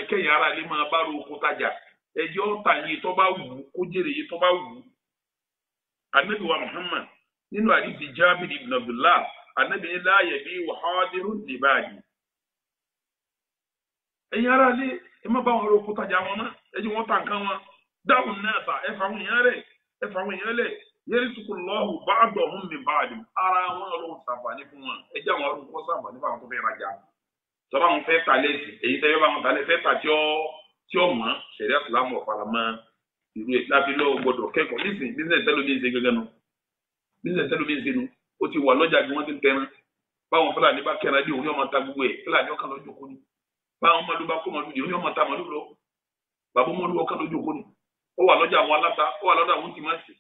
kẹ́yìn ara lè máa bá aró oko tajà ẹjọ́ ta yìí tó bá wù ú kó jèrè yìí tó bá wù ú. anabi wa Muhammad nínú àdìsí Jábìrì ibn Abdullah anabi ni láàyè bíi wàhálà ẹ̀yin ara lé ẹ má bá wọn ro kó tajà wọn mọ́ ẹ jí wọn ta nǹkan wọn dáhùn náà ta ẹ fà wọn yẹn rẹ̀ ẹ fà wọn yẹn lẹ̀ yẹ́rì tukù lọ́hùn bá a dọ̀ hún mi bá a dùn ara wọn ló ń sàǹfààní fún wọn ẹ jẹ́ àwọn ọdún kó sàǹfààní fún àwọn tó fẹ́ rajà sọ́dọ̀ àwọn fẹ́ ta lẹ́sìn èyí tẹ́ yọ bá wọn ta lẹ́sìn fẹ́ ta tí ọ tí ọ mọ̀ sẹ̀rí àtúlámù ọ̀faramọ́ ìlú ẹ̀ láti lọ́wọ́ gbọ́dọ̀ kẹ́kọ̀ọ́ nísìnyí bísíǹsì báwọn ọmọlú bá kó màlúù jẹ ó ní ọmọ ta màlúù lọ bàbá ọmọlú ọkàn lójú okó ni ó wà lọ́jà àwọn aláta ó wà lọ́dọ̀ àwọn tìmọ́sì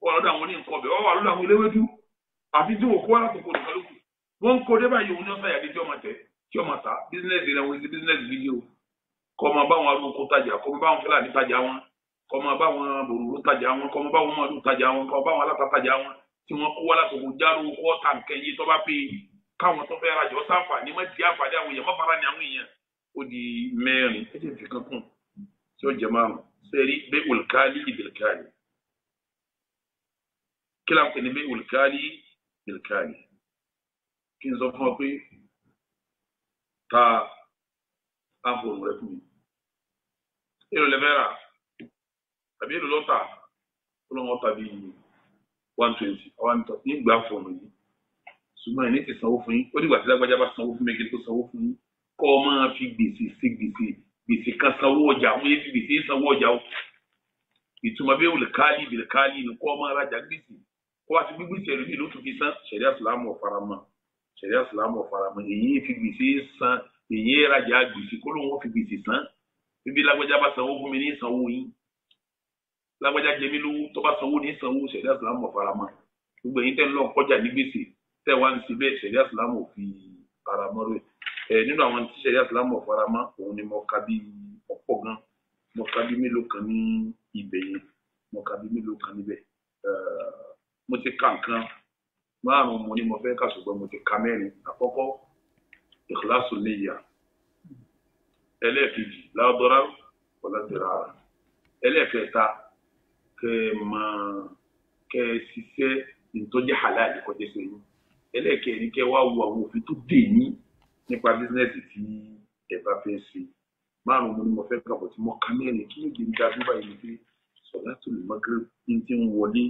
ó wà lọ́dọ̀ àwọn oníǹkan ọbẹ̀ ó wà lọ́dọ̀ àwọn eléwédú àti tí wọ́n kó alátòkò nìkan lókù wọ́n ń kó dé báyìí òun ní ọ̀sán yàrá tí ọmọ tẹ tí ọmọ ta bísínẹ́sì rẹ̀ wọ́n ti bísínẹ́sì líle o kọ́ ọmọ báwọn arúgbó tajà kọ́ ọmọ báwọn fúlàní tajà wọn kọ́ báwọn bòròró tajà wọn kọ́ báwọn mọ̀lú tajà wọn kọ́ báwọn aláta tajà wọn tí wọ́n kó alátòkò járó kọ́ ọ̀tà nkẹ́yìn bá pè é káwọn tó fẹ́ rajọ sáfà ní má di àfàdé àwọn èèyàn má fara ní àwọn èèyàn ó di mẹ́rin ẹ̀jẹ̀ fi kankan tí ó jẹ márùn sẹ́rí bẹ́ẹ̀ olùkálí ìbìlìkálí kí la ń pè ní bẹ́ẹ̀ olùkálí ìbìlìkálí kí n sọ fún ọ pé ta àbòrò rẹ fún mi èrò lẹ́fẹ̀ẹ́ra tàbí èrò lọ́tà ọlọ́wọ́ tàbí one twenty one twenty nígbà fóònù yìí ṣùgbọ́n ẹ̀ ní ti sanwó fún yín ó dìgbà tí lágbájá bá sanwó fún mi kí n tó sanwó fún yín kọ́ ọ máa fi gbèsè sí gbèsè gbèsè kan sanwó ọjà àwọn yẹn fi gbèsè sanwó ọjà o ìtumọ̀ bí wòlé káálí bìlẹ̀ káálí ni kọ́ ọ máa rajà gbèsè kó wá sí gbígbèsè rẹ̀ nílùú tó fi san sẹ̀ríà sàlámù ọ̀farama sẹ̀ríà sàlámù ọ̀farama èyí fi gbèsè san èyí rajà gbèsè kó ló ń wọ́n fi gbèsè san bíbí lágbájá bá sanwó fún mi ní sanwó yín lágbájá jẹ mí lówó tó bá sanwó ní sanwó sẹ̀ríà sàlámù ọ̀farama gbogbo èyí tẹ́ ń lọ kọjá ní gbèsè tẹ́ wá ń ṣe sẹ̀ríà sàlámù òfin paramọ́rẹ́ nínú àwọn tí sẹ́yà islam ọ̀faramọ́ òun ni mo ka bí ọ̀pọ̀ gan mo ka bí mélòó kan ní ibẹ̀ yẹn mo ka bí mélòó kan níbẹ̀ mo ti ka nǹkan márùn-ún mo ní mo fẹ́ kà ṣùgbọ́n mo ti ka mẹ́rin àkọ́kọ́ ìkìláṣù níyà ẹlẹ́ẹ̀kejì láwùdọ́rà ọ̀làdìrà ẹlẹ́ẹ̀kẹta kẹ ẹ mọ kẹ ẹ ṣiṣẹ́ ìtọ́jú halal kọjá sẹ́yìn ẹlẹ́ẹ̀kẹrin kẹ wá wo àwọn òfin tó dè yín nípa bísínẹ́sì tí ẹ bá fẹ́ ṣe márùn mo ní mo fẹ́ kàbọ̀ tí mo kà mẹ́rin kí ló dé ní dájú báyìí pé sọ̀lá tó lè mọ́gírẹ́ ní ti ń wọlé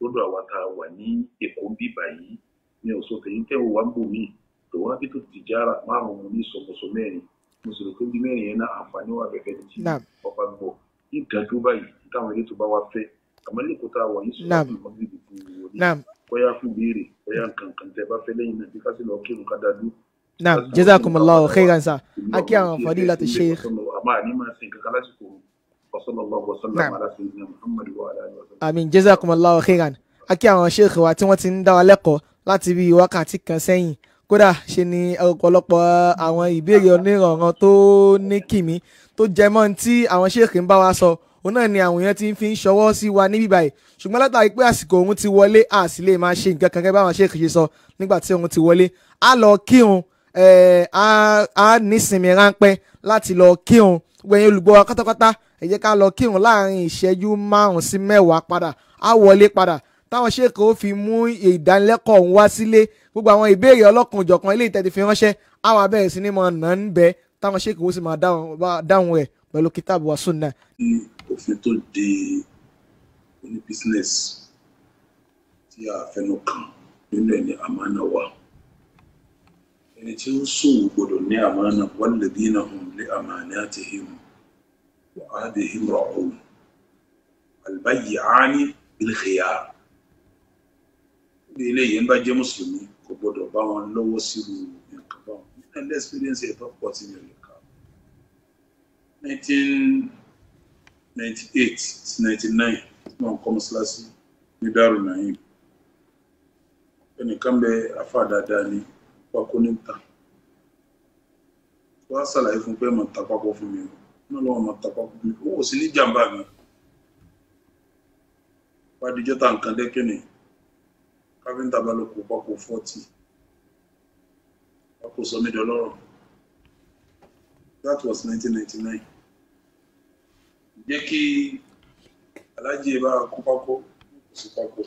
lọ́dọ̀ àwa tá a wà ní èkó bí báyìí ní ọ̀sọ̀ tẹ̀yìn tẹ̀wọ̀ wá ń bò mí tòun á bí tó ti jára márùn mo ní sọ̀mọ̀sọ̀ mẹ́rin mo sì rò pé bí mẹ́rin yẹn náà àǹfààní wà bẹ̀fẹ̀ tí ọba gbọ̀ ní ìdájú báyìí táwọn ilé tó bá wá fẹ́ àmọ́ náà jazakumullahu khairan sir akí àwọn fadilatu sheikh. àmín jazakumullahu khairan akí àwọn sheikh wa tí wọ́n ti ń dá wa lẹ́kọ̀ọ́ láti bí wákàtí kan sẹ́yìn kódà ṣe ni ọ̀pọ̀lọpọ̀ àwọn ìbéèrè onírànran tó ní kìmí tó jẹmọ́ tí àwọn sheikh ń bá wa sọ òun náà ni àwọn èèyàn ti fi ń ṣọwọ́ sí wa níbí báyìí ṣùgbọ́n látàrí pé àsìkò òun ti wọlé a sì lè máa ṣe nǹkan kankan báwọn sheikh ṣe sọ nígbà tí òun ti wọlé a lọ kírun á nísinmi ráńpẹ́ láti lọ kírun gbẹ̀yìn olùgbọ́ wa pátápátá ẹ jẹ́ ká lọ kírun láàrin ìṣẹ́jú márùn sí mẹ́wàá padà á wọlé padà táwọn ṣèkò fi mú ìdánilẹ́kọ̀ọ́ òun wá sílé gbogbo àwọn ìbéèrè ọlọ́kùn ìjọ̀kan ilé ìtẹ́tí fi ránṣẹ́ àwọn abẹ́rẹ́ sí ni mo nà ń bẹ táwọn ṣèkò sì máa dáhùn rẹ̀ pẹ̀lú kítàbù wa òfin tó de oní bísínẹ́sì tí a fẹ́nu kàn nínú ẹ̀ ní àmánà wa ẹni tí ó ń ṣòwò gbọdọ̀ ní àmánà walladhina hum li amanatihim wa ahdihim ra'un al-bayyi'ani bil-khiyar ní ilé yìí ń bá jẹ́ mùsùlùmí kò gbọdọ̀ bá wọn lọ́wọ́ sílu nǹkan bá wọn nínú experience ẹ̀ tó pọ̀ sí ìrìn ká 1998 sí 99 tí wọ́n kọ́ mọ́ṣáláṣí ní Darul Naim ẹnìkan bẹ afáàdáadáa ni pákó ní ta wá ṣàlàyé fún pé màá ta pákó fún mi o náà lọ́wọ́ ta pákó fún mi o ò sí ní jàǹbá mi wá dijọ́ ta nǹkan dẹ́kẹ́ ni káfíńtà bá lọ kó pákó fọ́tì pákó sọmídìí ọlọ́rọ̀ that was 1999 jẹ́ kí alájẹ bá kó pákó kó sí pákó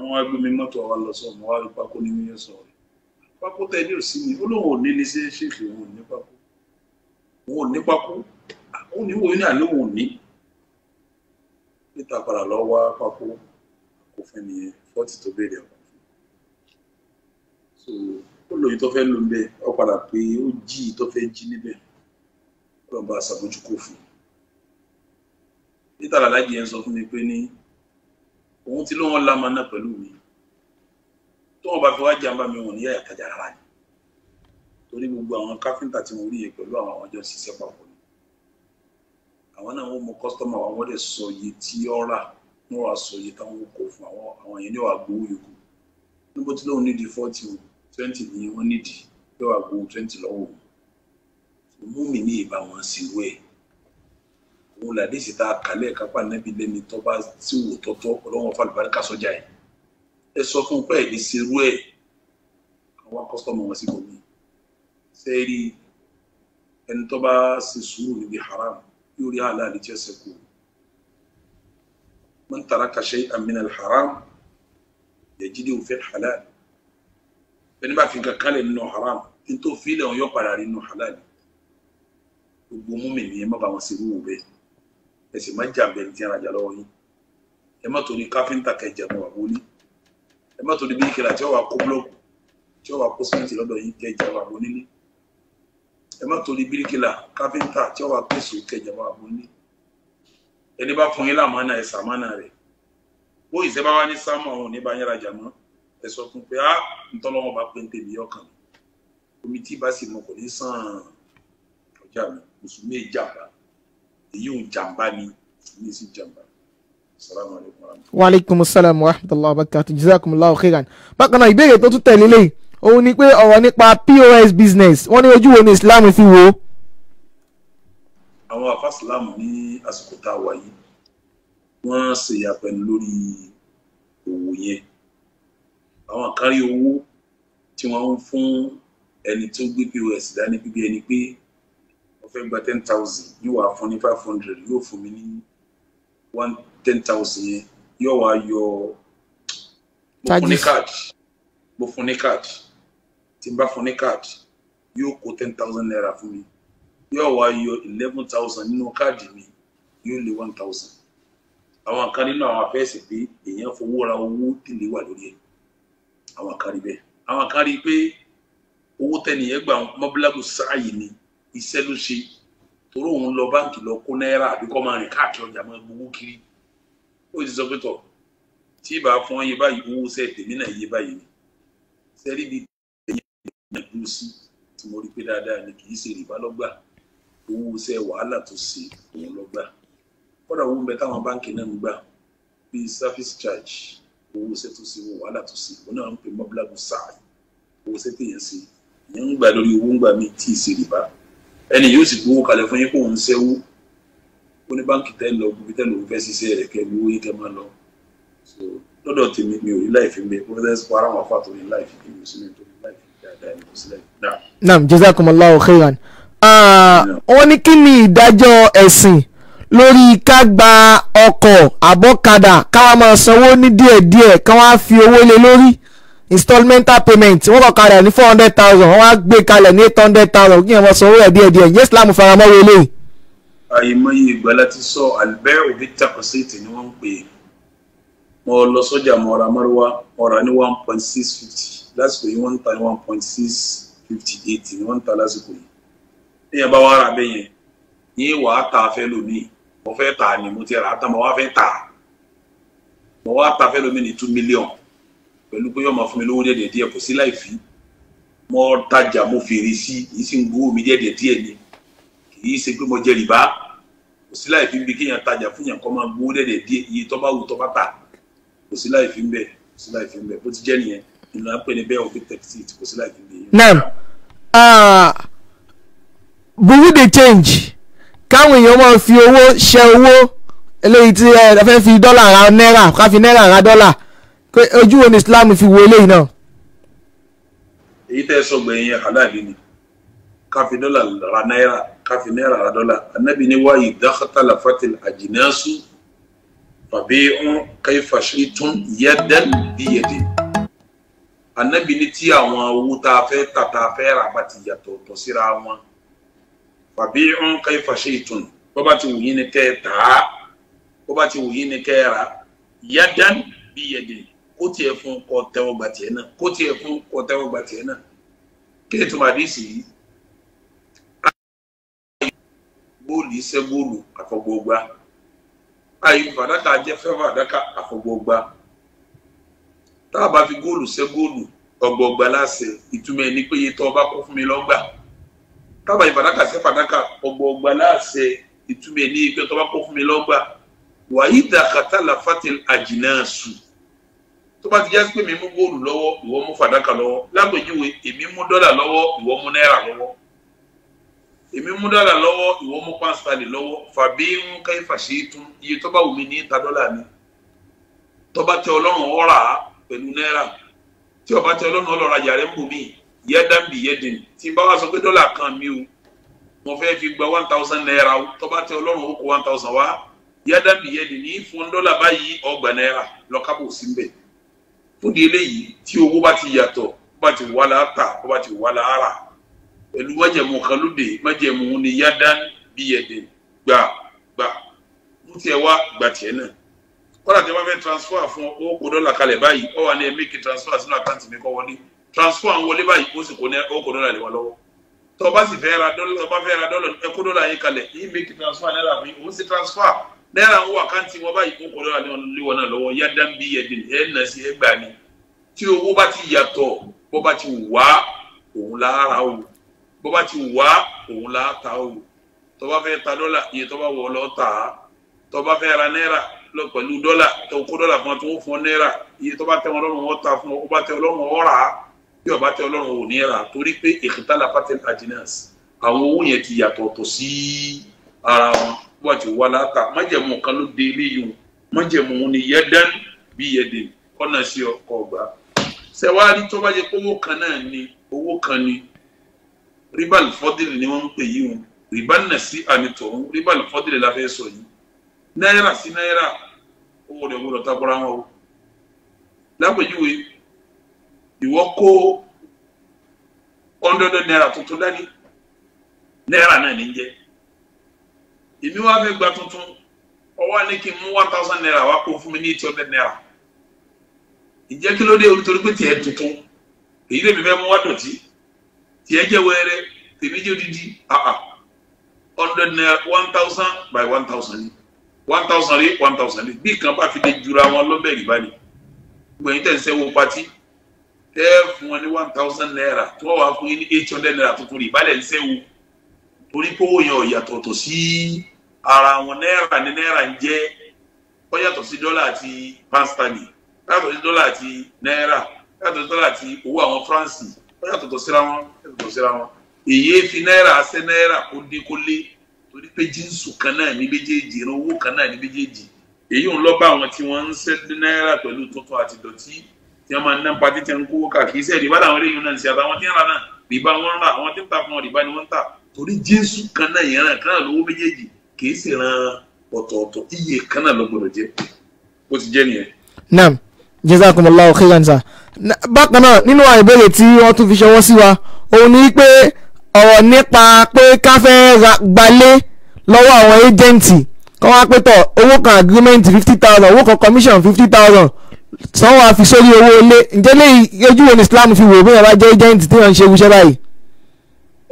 àwọn agbómi mọ́tò wa lọ sọ ọmọ wa rí pákó ní yíyan sọ rẹ pákó tẹ ní òsì ni olóhùn òní ní sí ṣèkì òun ò ní pákó òun ò ní pákó òun ní wòye ní àléhùn òní níta padà lọ wá pákó kò fẹ́ nìyẹn fọ́tì tó béèrè ọkọ̀ so ó lóyún tó fẹ́ lò ń bẹ ọ padà pé ó jí tó fẹ́ jí níbẹ̀ lọ́ba àṣàbójúkò fún níta làlájì yẹn sọ fún mi pé ní òun ti lóun lamọ náà pẹ̀lú mi tó wọn bá fi wá jàǹbá mi wọn ní yàyà tajà ni torí gbogbo àwọn káfíńtà tí mo rí yẹ pẹ̀lú àwọn ọjọ́ ṣiṣẹ́ papọ̀ ni àwọn náà wọ́n mọ kọ́sítọ́mà wa wọ́n dẹ̀ sọ iye tí ó rà wọ́n sọ iye táwọn kò fún àwọn àwọn yẹn ní wàá gbowó yòókù níbo tí lóun nídìí forty o twenty ni wọ́n nídìí yóò wá gbowó twenty lọ́wọ́ o mú mi ní ìbáwọn sí wẹ́ẹ̀ wò ládìsí tá a kàlẹ́ kápá nẹ́bí lẹ́ni tọ́ba tí wò tọ́tọ́ ọlọ́wọ́n falùbárí ká sọ́jà yìí ẹ sọ fún pé ẹ̀mí serú ẹ̀ àwọn akọ́sọ́mù wọn sí gbòmí sẹ́ẹ̀rì ẹni tọ́ba ṣe sùúrù níbi haram yóò rí àlàálì tí ẹ sẹ́kù man taraka shay'an min al-haram yajidi fi al-halal ẹni bá fi nǹkan kálẹ̀ nínú haram nítorí fílẹ̀ wọn padà rí nínú halal gbogbo mú mi nìyẹn má bàa wọn ṣerú wò bẹ́ẹ̀ ẹ sì má jàǹbẹ ní ti ń rajà lọ́wọ́ yín ẹ má torí káfíńtà kẹjẹ mọ àwọn oní ẹ má torí bíríkìlà tí ó wà kó búlọọkù tí ó wà kó símẹǹtì lọ́dọ̀ yín kẹjẹ mọ àwọn onílé ẹ má torí bíríkìlà káfíńtà tí ó wà pèsè kẹjẹ mọ àwọn onílé ẹni bá fún yín lámánà ẹ sàmánà rẹ bó ìṣe bá wá ní sámọ ọhún ní bá yín rajà mọ ẹ sọ fún pé á ntọ́lọ́wọ́ bá pé ń tèmi ọkàn omi tí ì èyí ò jàǹbá ni èyí sì jàǹbá waaleykum salaam wa rahmatulah abakatu jazakumullahu khairan bákan náà ìbéèrè tó tún tẹ̀lé lè òun ni pé ọ̀rọ̀ nípa pos business wọ́n ní ojú wo ni islam fi wò ó. àwọn àfa islam ní àsìkò tá a wà yìí wọ́n ṣe ìyàpẹ̀nu lórí òwò yẹn àwọn kárí owó tí wọ́n ń fún ẹni tó gbé pos dání bíbí ẹni pé fẹ́ gba ten thousand yóò wá fún ní five hundred You fún mi ní one ten thousand yẹn yóò wá yọ mo fún ní káàdì mo fún ní káàdì tí ten thousand naira for me. You are your eleven thousand nínú káàdì me. You only one thousand àwọn kan nínú àwọn afẹ́sẹ̀ pé èèyàn fowó ra owó tìlé wà lórí ẹ̀ àwọn kan rí bẹ́ẹ̀ àwọn kan rí pé owó tẹ́niyẹn gbà mọ́bílágù sáàyè ni iṣẹ́ ló ṣe torí òun lọ báǹkì lọ kó náírà àbí kọ́ máa rìn káàkiri ọjà máa gbowó kiri ó sì sọ pé tọ̀ tí ìbá fún ọyẹ báyìí owó sẹ́ẹ̀ tèmi náà yé báyìí ni sẹ́rí bíi tèmi náà sí tí mo rí pé dáadáa ni kì í ṣe rìbá lọ́gbà owó sẹ́ẹ̀ wàhálà tó ṣe òun lọ́gbà kọ́dà owó ń bẹ táwọn báǹkì náà ń gbà bíi service charge owó sẹ́ẹ̀ tó ṣe owó wàhálà tó ṣe òun náà ń pè mọ́bílágùn sáà owó sẹ́ẹ̀ tèèyàn ṣe ìyẹn ń gbà lórí owó ń gbà mí tí ì ṣe rìbá ẹni yóò sì gbowó kalẹ̀ fún yín kó ń sẹ́wó ó ní báńkì tẹ́ lọ gbogbo tẹ́ lòún fẹ́ ṣiṣẹ́ rẹ̀ kẹ́ gbowó yín kẹ́ máa lọ lọ́dọ̀ tèmi mi ò rí láìfi mi pọ́fẹ́tà ẹ̀sìn para wọn fà tó ní láìfi mi ò sí mi tó ní láìfi dáadáa ní kò náà. naam jazakumullahu khairan ah, wọ́n ní kí ni ìdájọ́ ẹ̀sìn lórí ká gba ọkọ̀ àbọ̀kadà káwa máa sanwó ní díẹ̀díẹ̀ káwa fi owó lé lórí. Installment payment wọ́n kọ́ kalẹ̀ ní four hundred thousand wọ́n wá gbé kalẹ̀ ní eight hundred thousand kí wọ́n sanwó ẹ̀ díẹ̀díẹ̀ ìyẹn Islam faramọ́ wo eléyìí. àyèmọye ìgbà láti sọ albert obi takosite ni wọ́n ń pè é mo lọ sọ́jà mo ra mọ́rúwá mo ra ní one point six fifty lásìkò yìí wọ́n ń ta ní one point six fifty eight ni wọ́n ń ta lásìkò yìí níyẹn bá wá ra bẹ́ẹ̀ yẹn ní wàá ta fẹ́ lómi mo fẹ́ ta ni mo ti rà á tán mo wá fẹ́ ta mo wá ta fẹ́ lómi ní two million pẹ̀lú pé yóò máa fún mi lówó díẹ̀ díẹ̀ kò sí láì fi mo tajà mo fèrè sí kì í sì ń gbowó mi díẹ̀ díẹ̀ ni kì í ṣe pé mo jẹ rìbá kò sí láì fi ń bi kéèyàn tajà fún yàn kó máa gbowó díẹ̀ díẹ̀ iye tó bá wù tó bá tà kò sí láì fi ń bẹ kò sí láì fi ń bẹ bó ti jẹ́ nìyẹn ìlànà pé ní bẹ́ẹ̀ òfin tẹ̀sí kò sí láì fi ń bẹ. naam bureau ah, de change káwọn èèyàn máa fi owó ṣe owó eléyìí tí ẹ eh, fẹ́ fi dọ́là ra náírà ká fi náírà ra dọ́là pé ojú wo ni Islam fi wo eléyìí náà. èyí tẹ́ ẹ sọ gbẹ̀yìn aláàbí ni káfí dọ́là ra náírà káfí náírà ra dọ́là anábì ni wá ìdákàtàlà fatil àjìnásù bàbí ọ̀n káyífàṣí tún yẹ́dẹ́ bíyẹ̀dẹ́ anábì ni tí àwọn owó tá a fẹ́ tà tá a fẹ́ rà bá ti yàtọ̀ tọ̀ síra wọn bàbí ọ̀n káyífàṣí tún bọ́bá ti wù yín ni kẹ́ ẹ tà á bọ́bá ti wù yín ni kẹ́ ẹ rà yẹ́dẹ́ bíyẹ̀dẹ́ kó tiẹ̀ fún kó tẹ́wọ́ gbà tiẹ̀ náà kó tiẹ̀ fún kó tẹ́wọ́ gbà tiẹ̀ náà kí ni tuma àdìsí yìí góòlù iṣẹ́ góòlù àfọgbọ́gba ayé fàdákà jẹ́ fẹ́ fàdákà àfọgbọ́gba tá a bá fi góòlù iṣẹ́ góòlù ọgbọgba láṣẹ ìtumọ̀ ẹni pé iye ọba kó fún mi lọ́gbà tá a bá ìfàdákà ṣe fàdákà ọgbọgba láṣẹ ìtumọ̀ ẹni pé tó ọba kó fún mi lọ́gbà wàyí dàkátà làfàtì àjìnà sùn tó bá ti jẹ́ pé mi mú góòlù lọ́wọ́ ìwọ mú fàdákà lọ́wọ́ lápèjúwe èmi mú dọ́là lọ́wọ́ ìwọ mú náírà lọ́wọ́ èmi mú dọ́là lọ́wọ́ ìwọ mú pánstálì lọ́wọ́ fàbí ń káyé fàṣẹ tún iye tó bá wù mí ní ta dọ́là mi tó bá tẹ ọlọ́run ọ̀rà pẹ̀lú náírà tí ó bá tẹ ọlọ́run ọlọ́run ajá rẹ̀ ń bò mí yẹ dábì yẹ dèní tí bá wà sọ pé dọ́là kan mi o mo fẹ́ fi gba one thousand náírà o tó bá tẹ ọlọ́run ó kó one thousand wá yẹ dábì yẹ dèní fún dọ́là báyìí ọgbà náírà lọ́kàbọ̀ sí bẹ́ẹ̀ fún di eléyìí tí owó bá ti yàtọ̀ bó bá ti wà láàtà bó bá ti wà láàrà pẹ̀lú májẹ̀mú kan lóde májẹ̀mú ni yádán bí ẹ̀dẹ̀ gbà gbà mú tiẹ̀ wá gbà tiẹ̀ náà kọ́lá tí wọ́n fẹ́ transfer fún owó kò dọ́là kalẹ̀ báyìí ọ̀wà ni ẹ̀mí kì transfer sínú àkáǹtì mi kọ́ wọlé transfer ń wọlé báyìí ó sì kò ní owó kò dọ́là lè wà lọ́wọ́ tọ́ bá sì fẹ́ ra dọ́là tọ́ bá fẹ́ ra dọ́là ẹ yín kalẹ̀ yín transfer náírà mi òun sì transfer náírà ń wà káǹtì wọn báyìí kó kọ́lọ́ra ní ọlọ́wọ́ náà lọ́wọ́ yádá ń bí ẹ̀dín ẹ̀ ń nà sí ẹ̀ gbà ní tí owó bá ti yàtọ̀ bó bá ti wà òun là o bó bá ti wà òun là ta o tó bá fẹ́ ta dọ́là iye tó bá wọ̀ ọ́ lọ́ọ́ ta tó bá fẹ́ ra náírà lọ pẹ̀lú dọ́là tó kó dọ́là fún ọ tó fún ọ náírà iye tó bá tẹ ọlọ́run ọ ta fún ọ ó bá tẹ ọlọ́run ọ rà á bí ọba tẹ ọlọ́run ò ní bó àti wà láta májẹ̀mú kan ló de ilé yìí májẹ̀mú ni yẹ́dẹ́n bí yẹ́dẹ́ ọ̀nà sí ọkọ̀ ọgbà sẹ́wárí tó bá yẹ pé owó kan náà ni owó kan ni ribal fọ́dìlì ni wọ́n ń pè yìí o ribal nà sí àmì tòun ribal fọ́dìlì la fẹ́ sọ yìí náírà sí náírà owó rẹ̀ gbọ́dọ̀ tábọ́ra wọn o lápèjúwe ìwọ kó ọ̀ndọ̀dọ̀ náírà tuntun dání náírà náà ní jẹ́ èmi wá fẹ́ gba tuntun ọwọ́ ni kí n mú one thousand naira wá kó fún mi ní eight hundred naira ìjẹ́ kí ló dé olùtorí pé tiẹ̀ tuntun èyí lèmi fẹ́ mú wá dọ̀tí tiẹ̀ jẹ́ wẹ́rẹ́ tèmi jẹ́ odidi àà hundred naira one thousand by one thousand ni one thousand rí one thousand rí bí kan bá fi lè jura wọn lọ́bẹ̀ rí báyìí gbẹ̀yìn tẹ̀ ń sẹ́wọ́ pati tẹ́ fún wọn ní one thousand naira tí wọ́n wá fún yín ní eight hundred naira tuntun rí ìbálẹ̀ ń sẹ́wọ́ torí pé owó yẹn ò yàtọ̀tọ̀ sí ara wọn náírà ní náírà ń jẹ́ ó yàtọ̀ sí dọ́là àti pánstani yàtọ̀ sí dọ́là àti náírà yàtọ̀ sí dọ́là àti owó àwọn faransé ó yàtọ̀tọ̀ síra wọn yàtọ̀tọ̀ síra wọn èyí fi náírà ṣe náírà kó dé kó lé torí pé jínsù kan náà ní méjèèjì ìran owó kan náà ní méjèèjì èyí ń lọ bá àwọn tí wọ́n ń ṣe náírà pẹ̀lú tuntun àti dọ̀tí tí wọ́n máa ń ná pati tí wọ́n ń kówó káàkiri sẹ́ẹ̀ rìbá làwọn eléyìí náà ń ṣe àtàwọn tí ń ra náà rìbá wọn ń àwọn tí ń ta fún wọn rìbá ni wọ́n ń ta torí jésù kan náà yẹn ràn kánà lọ́wọ́ méjèèjì kì í sì ran ọ̀tọ̀ọ̀tọ̀ iye kan náà ló gbọ́dọ̀ jẹ́ bó ti jẹ́ nìyẹn. naam jazakumullahu khairan sa bákan náà nínú àwọn ìbéèrè tí wọ́n tún fi ṣọwọ́ sí wa òun ni pé ọ̀rọ̀ nípa pé ká fẹ́ gbalé lọ́wọ́ àwọn éjẹ́ǹtì kọ́ wá pé tọ̀ owó kan agreement fifty thousand owó kan commission fifty thousand sanwó àfi sórí owó ilé ǹjẹ́ lè ojú wo ni Islam fi wò bí wọ́n bá jẹ́ éjẹ́ǹtì tí wọ́n ń ṣe irúṣẹ́ báyìí.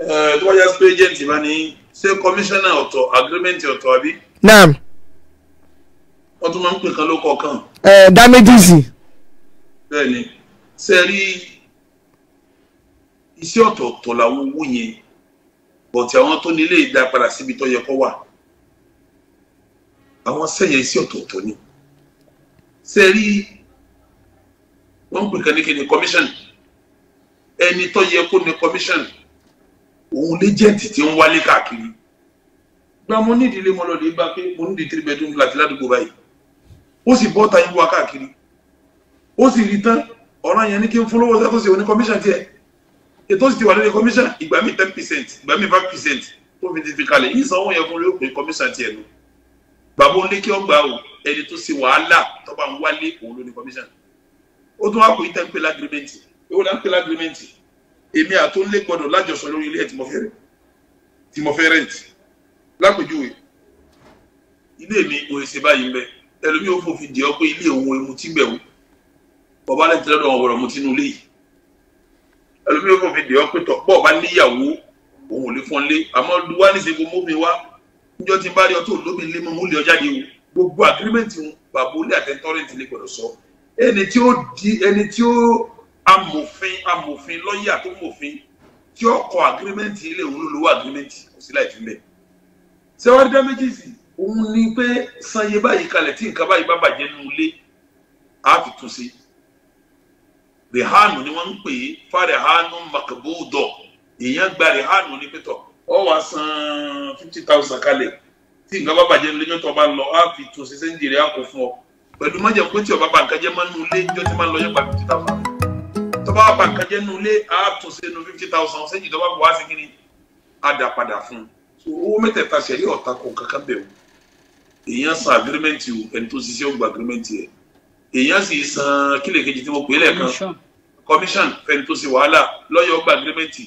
Eh, tó wáyà pé agent bá ní ṣé commissioner ọ̀tọ̀ agreement ọ̀tọ̀ àbí. naam. wọ́n tún máa ń pè kan ló kọ̀ọ̀kan. ẹ eh, damages. bẹ́ẹ̀ni ṣe rí iṣẹ́ ọ̀tọ̀ọ̀tọ̀ làwọn owó yẹn bọ̀tí àwọn tó nílé ìdá padà síbi tó yẹ kó wà àwọn sẹ́yìn iṣẹ́ ọ̀tọ̀ọ̀tọ̀ ni ṣe rí wọ́n ń pè kan ní kí ni commission ẹni tó yẹ kó ní commission òun lẹ́jẹ̀ntì tí ń wálé káàkiri gba mo ní ìdílé mo lọ lè gba pé mo ní ìdí three bedroom flat ládùúgbò báyìí ó sì bọ́ ta ìwà káàkiri ó sì rí tán ọ̀rọ̀ yẹn ní kí n fún lówó sẹ́tọ̀sí òní commission tiẹ̀ ètò sì ti wà lórí commission ìgbà mi ten percent ìgbà mi five percent tó fi ti fi kalẹ̀ yìí sanwó yẹn fún lóògùn commission tiẹ̀ nù bàbá ó ní kí ó gbà ó ẹni tó ṣe wàhálà tó ń wálé òun ló ní ó tún wá pè é tẹ́ ń pè lágrímẹ́ǹtì èwo ń pè lágrímẹ́ǹtì èmi àtúnlé gbọ́dọ̀ lájọsọ lórí ilé ẹ̀ tí mo fẹ́ rẹ̀ tí mo fẹ́ rẹ̀ǹtì lápèjúwe ilé mi ò ṣe báyìí mbẹ ẹlòmíì ò fòfin jẹ ọ pé ilé òun emu tí bẹ̀ wò bọ́ba lẹ́tí lọ́dọ̀ wọn gbọ́dọ̀ mu tínú lé yìí ẹlòmíì ò fòfin jẹ ọ pé tọ́ bọ́ọ̀ba níyàwó òun ò lè fọ́n lé àmọ́ wá ní sẹ́gun mú mi wá níjọ́ tí bá rí ọtọ́ lómi lé mọ́ mú lé ọjà de gbogbo agirimẹ́ntì wọn bàbá olè àtẹ́ntọ́rẹ́ntì lè gbọ́dọ̀ di ẹni amòfin amòfin lọ́yà tó mòfin tí ó kọ agirimẹ́ǹtì ilé òun ló lówó agirimẹ́ǹtì kò sí láì fi mẹ́. sẹ́wádìí dá méjì sí òun ni pé sanye báyìí kalẹ̀ tí nǹkan báyìí bá bàjẹ́ nínú ilé á fi tún sí. rihanu ni wọ́n ń pè é fa rihanu makabudo èèyàn gba rihanu ní pẹ́tọ̀ ọ wá san fifty thousand kalẹ̀ tí nǹkan bá bàjẹ́ nínú ilé tó bá lọ á fi tún sí sẹ́ńjì rẹ̀ á kó fún ọ pẹ̀lú májèkó tí ọba bá nǹkan jẹ́ mọ́nú ilé ìjọ tí máa lọ yẹn pa fifty thousand bá wà bá nǹkan jẹ́ nínú ilé á tún ṣe nu fifty thousand ṣéjì tó bá bọ̀ wá sí kiri á dà padà fún un so owó mẹ́tẹ̀ẹ̀ta ṣẹ̀rí ọ̀tá kò kankan bẹ̀ o èèyàn san agirimẹ́ǹtì o ẹni tó ṣiṣẹ́ ó gba agirimẹ́ǹtì ẹ̀ èèyàn sì san kílèkejì tí mo pè é lẹ́ẹ̀kan commission fẹ́ni tó ṣe wàhálà lọ́yọ̀ ọgbà agirimẹ́ǹtì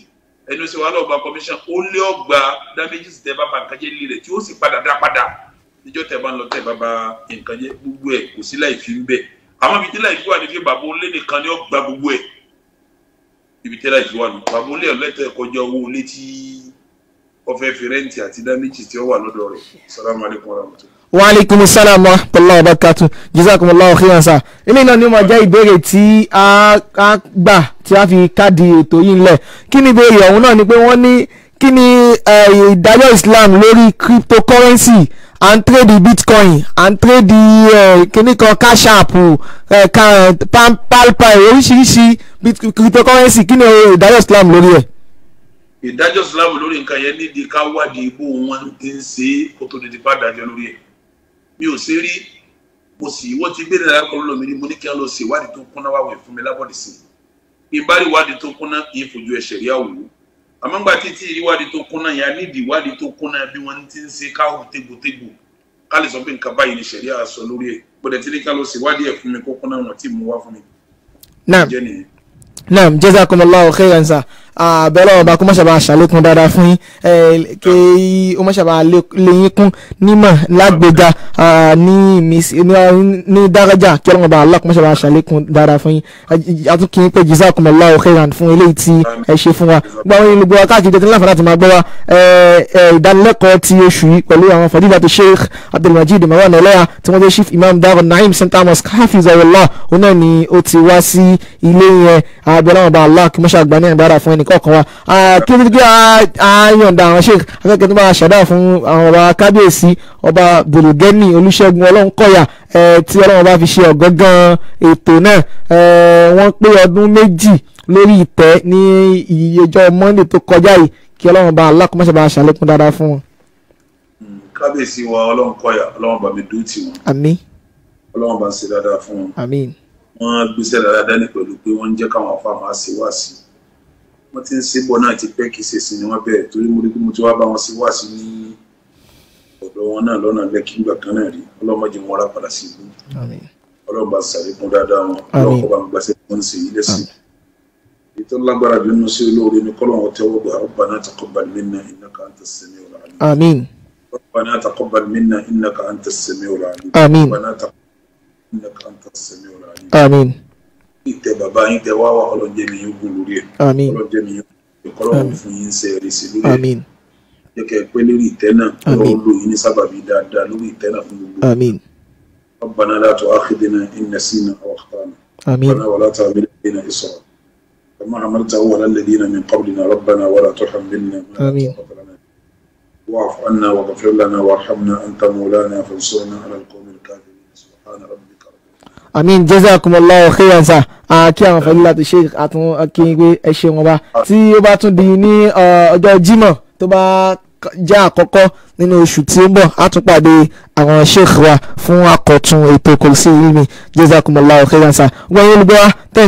ẹni tó ṣe wàhálà ọgbà commission ó lé ọgbà damages tẹ́ bá ba nǹkan jẹ́ lílẹ̀ tí ó sì padà dá padà níjọ́ tẹ́ bá ń lọ tẹ́ bá ba nǹkan jẹ́ gbogbo ẹ̀ kò sí láì fi ń bẹ̀ àmọ́ ibi tí láì fi wà ní fi bàbá ó lé nìkan ni ó gbogbo ẹ̀ ibi tẹ́lá ti wà nù pàmò lé ọ̀lẹ́tẹ̀ kọjá owó ilé tí ọfẹ́ fìrẹ́ǹtì àti dámẹ́jì tí ó wà lọ́dọ̀ rẹ̀ salamu alaykum warahmatullahi. wa aleykum salaam wa rahmatulahi wa barakatu jazakumullahu khairan sa ilé náà ni ó máa jẹ́ ìbéèrè tí a gbà tí a fi káàdì ètò yìí ńlẹ̀ kí ni ìbéèrè ọ̀hún náà ni pé wọ́n ní kí ni eh, ìdájọ́ Islam lórí cryptocurrency à ń bitcoin à ń trade eh, kan cash app uh, palpay oríṣiríṣi cryptocurrency kí ni ìdájọ́ islam lórí ẹ̀. ìdájọ́ islam lórí nǹkan yẹn nídìí ká wádìí bó wọn ti ń ṣe é kó tó di ti bá dájọ́ lórí ẹ̀ mi ò ṣe rí mo sì wọ́n ti gbé nílẹ̀ akọ̀rọ̀ lómi ni mo ní kí wọ́n lọ ṣèwádìí tó kúnná wáwẹ̀ fún mi lábọ̀dé sí i ìbáríwádìí tó kúnná kì í fojú ẹ̀ṣẹ̀ rí àwòrán àmọ́ngbà títí ìwádìí tó kún náà yà nídìí ìwádìí tó kún náà bí wọ́n ti ń ṣe káwọ́ tégbòtégbò ká lè sọ pé nǹkan báyìí ni ṣẹ̀ríà sọ lórí ẹ̀ gbọ́dọ̀ tí ní ká lọ sí ìwádìí ẹ̀ fún mi kó kún náà wọ́n ti mú wá fún mi. naam naam jazakumullahu khairan sir àbẹ̀rẹ̀ ọba kó mọ̀ṣàbà ṣàlékún dáadáa fún yín kí ó mọ̀ṣàbà léyìn kún nímọ̀ lágbèga ní dárajà kí ọlọ́run ọba aláàkó mọ̀ṣàbà ṣàlékún dáadáa fún yín àtúnkì yín pé jazakumullahu khairan fún eléyìí tí ẹ ṣe fún wa gbogbo àwọn ìlú gbọ́ káàkiri tẹ́tí láǹfààní àti máa gbọ́ wa ìdánilẹ́kọ̀ọ́ ti oṣù yìí pẹ̀lú àwọn fadilatu naim center mosque hafiz ayọ̀lá òun náà ni ó ti wá sí ilé yẹn kọ̀ọ̀kan wa kí ni kí a yọ̀ǹda àwọn sheik akẹ́kẹ́ tó bá ṣàdá fún àwọn ọba kábíyèsí ọba bòlògẹ́nì olúṣẹ́gun ọlọ́nkọ̀yà tí ọlọ́run bá fi ṣe ọ̀gángan ètò náà wọ́n pé ọdún méjì lórí ìtẹ́ ní ìyẹjọ́ monday tó kọjá yìí kí ọlọ́run bá alákọ̀ọ́mọṣẹ́ bá ṣàlékún dáadáa fún wọn. kábíyèsí wa ọlọ́run kọ̀yà ọlọ́run bá mi dúró tì wọ́n. àmín. ọlọ́run bá ń ṣe dáadáa fún wọn. àmín. wọ́n gbéṣẹ́ dáadáa dání pẹ̀lú pé wọ́n ń jẹ́ káwọn afáàmà ṣe wá sí i wọ́n ti ń síbọ̀ náà ti pẹ́ kí ṣèṣì ni wọ́n bẹ̀rẹ̀ torí mo rí pé mo ti wá bá wọn sí wá sí ní ọ̀dọ̀ wọn náà lọ́nà lẹ́kí ńgbà kan náà rí ọlọ́mọdé wọn rápadà sí ibú ọlọ́ba ṣàlékún dáadáa wọn ọlọ́kọ̀ bá ń gbàṣẹ́ tó ń ṣe yí lẹ́sìn ètò lágbára jù nínú sí olóore ni kọ́lọ́ wọn tẹ́wọ́ gbà Rabbana taqabbal minna innaka anta as-sami'ul 'alim. àmín. ìtẹ bàbá yín tẹ wá wá ọlọ́njẹ́ mi yín amen lórí ẹ̀ ọlọ́njẹ́ mi yín ọlọ́run fún yín ṣe ẹ̀rí amen lórí ẹ̀ jẹ́ kẹ́ ẹ pé lórí ìtẹ́ náà ọlọ́run lò yín ní sábàbí dáadáa lórí ìtẹ́ náà fún amen ربنا لا تؤاخذنا إن نسينا أو أخطأنا ربنا ولا تعمل علينا إصرا كما عملته على الذين من قبلنا ربنا ولا تحملنا آمين. واعف عنا واغفر لنا وارحمنا أنت مولانا فانصرنا على القوم الكافرين سبحان ربك رب آمين جزاكم الله خيرا kí àwọn fẹ́lú láti ṣe àtún kí n gbé ẹ ṣe wọn bá tí ó bá tún di ní ọjọ́ Jímọ̀ tó bá jẹ́ àkọ́kọ́ nínú oṣù tí ó ń bọ̀ á tún pàdé àwọn sheikh wa fún àkọ́tún ètò kò sí yìí mi Jazakumullahu khairan sa wọ́n yín olùgbọ́ wa tẹ̀.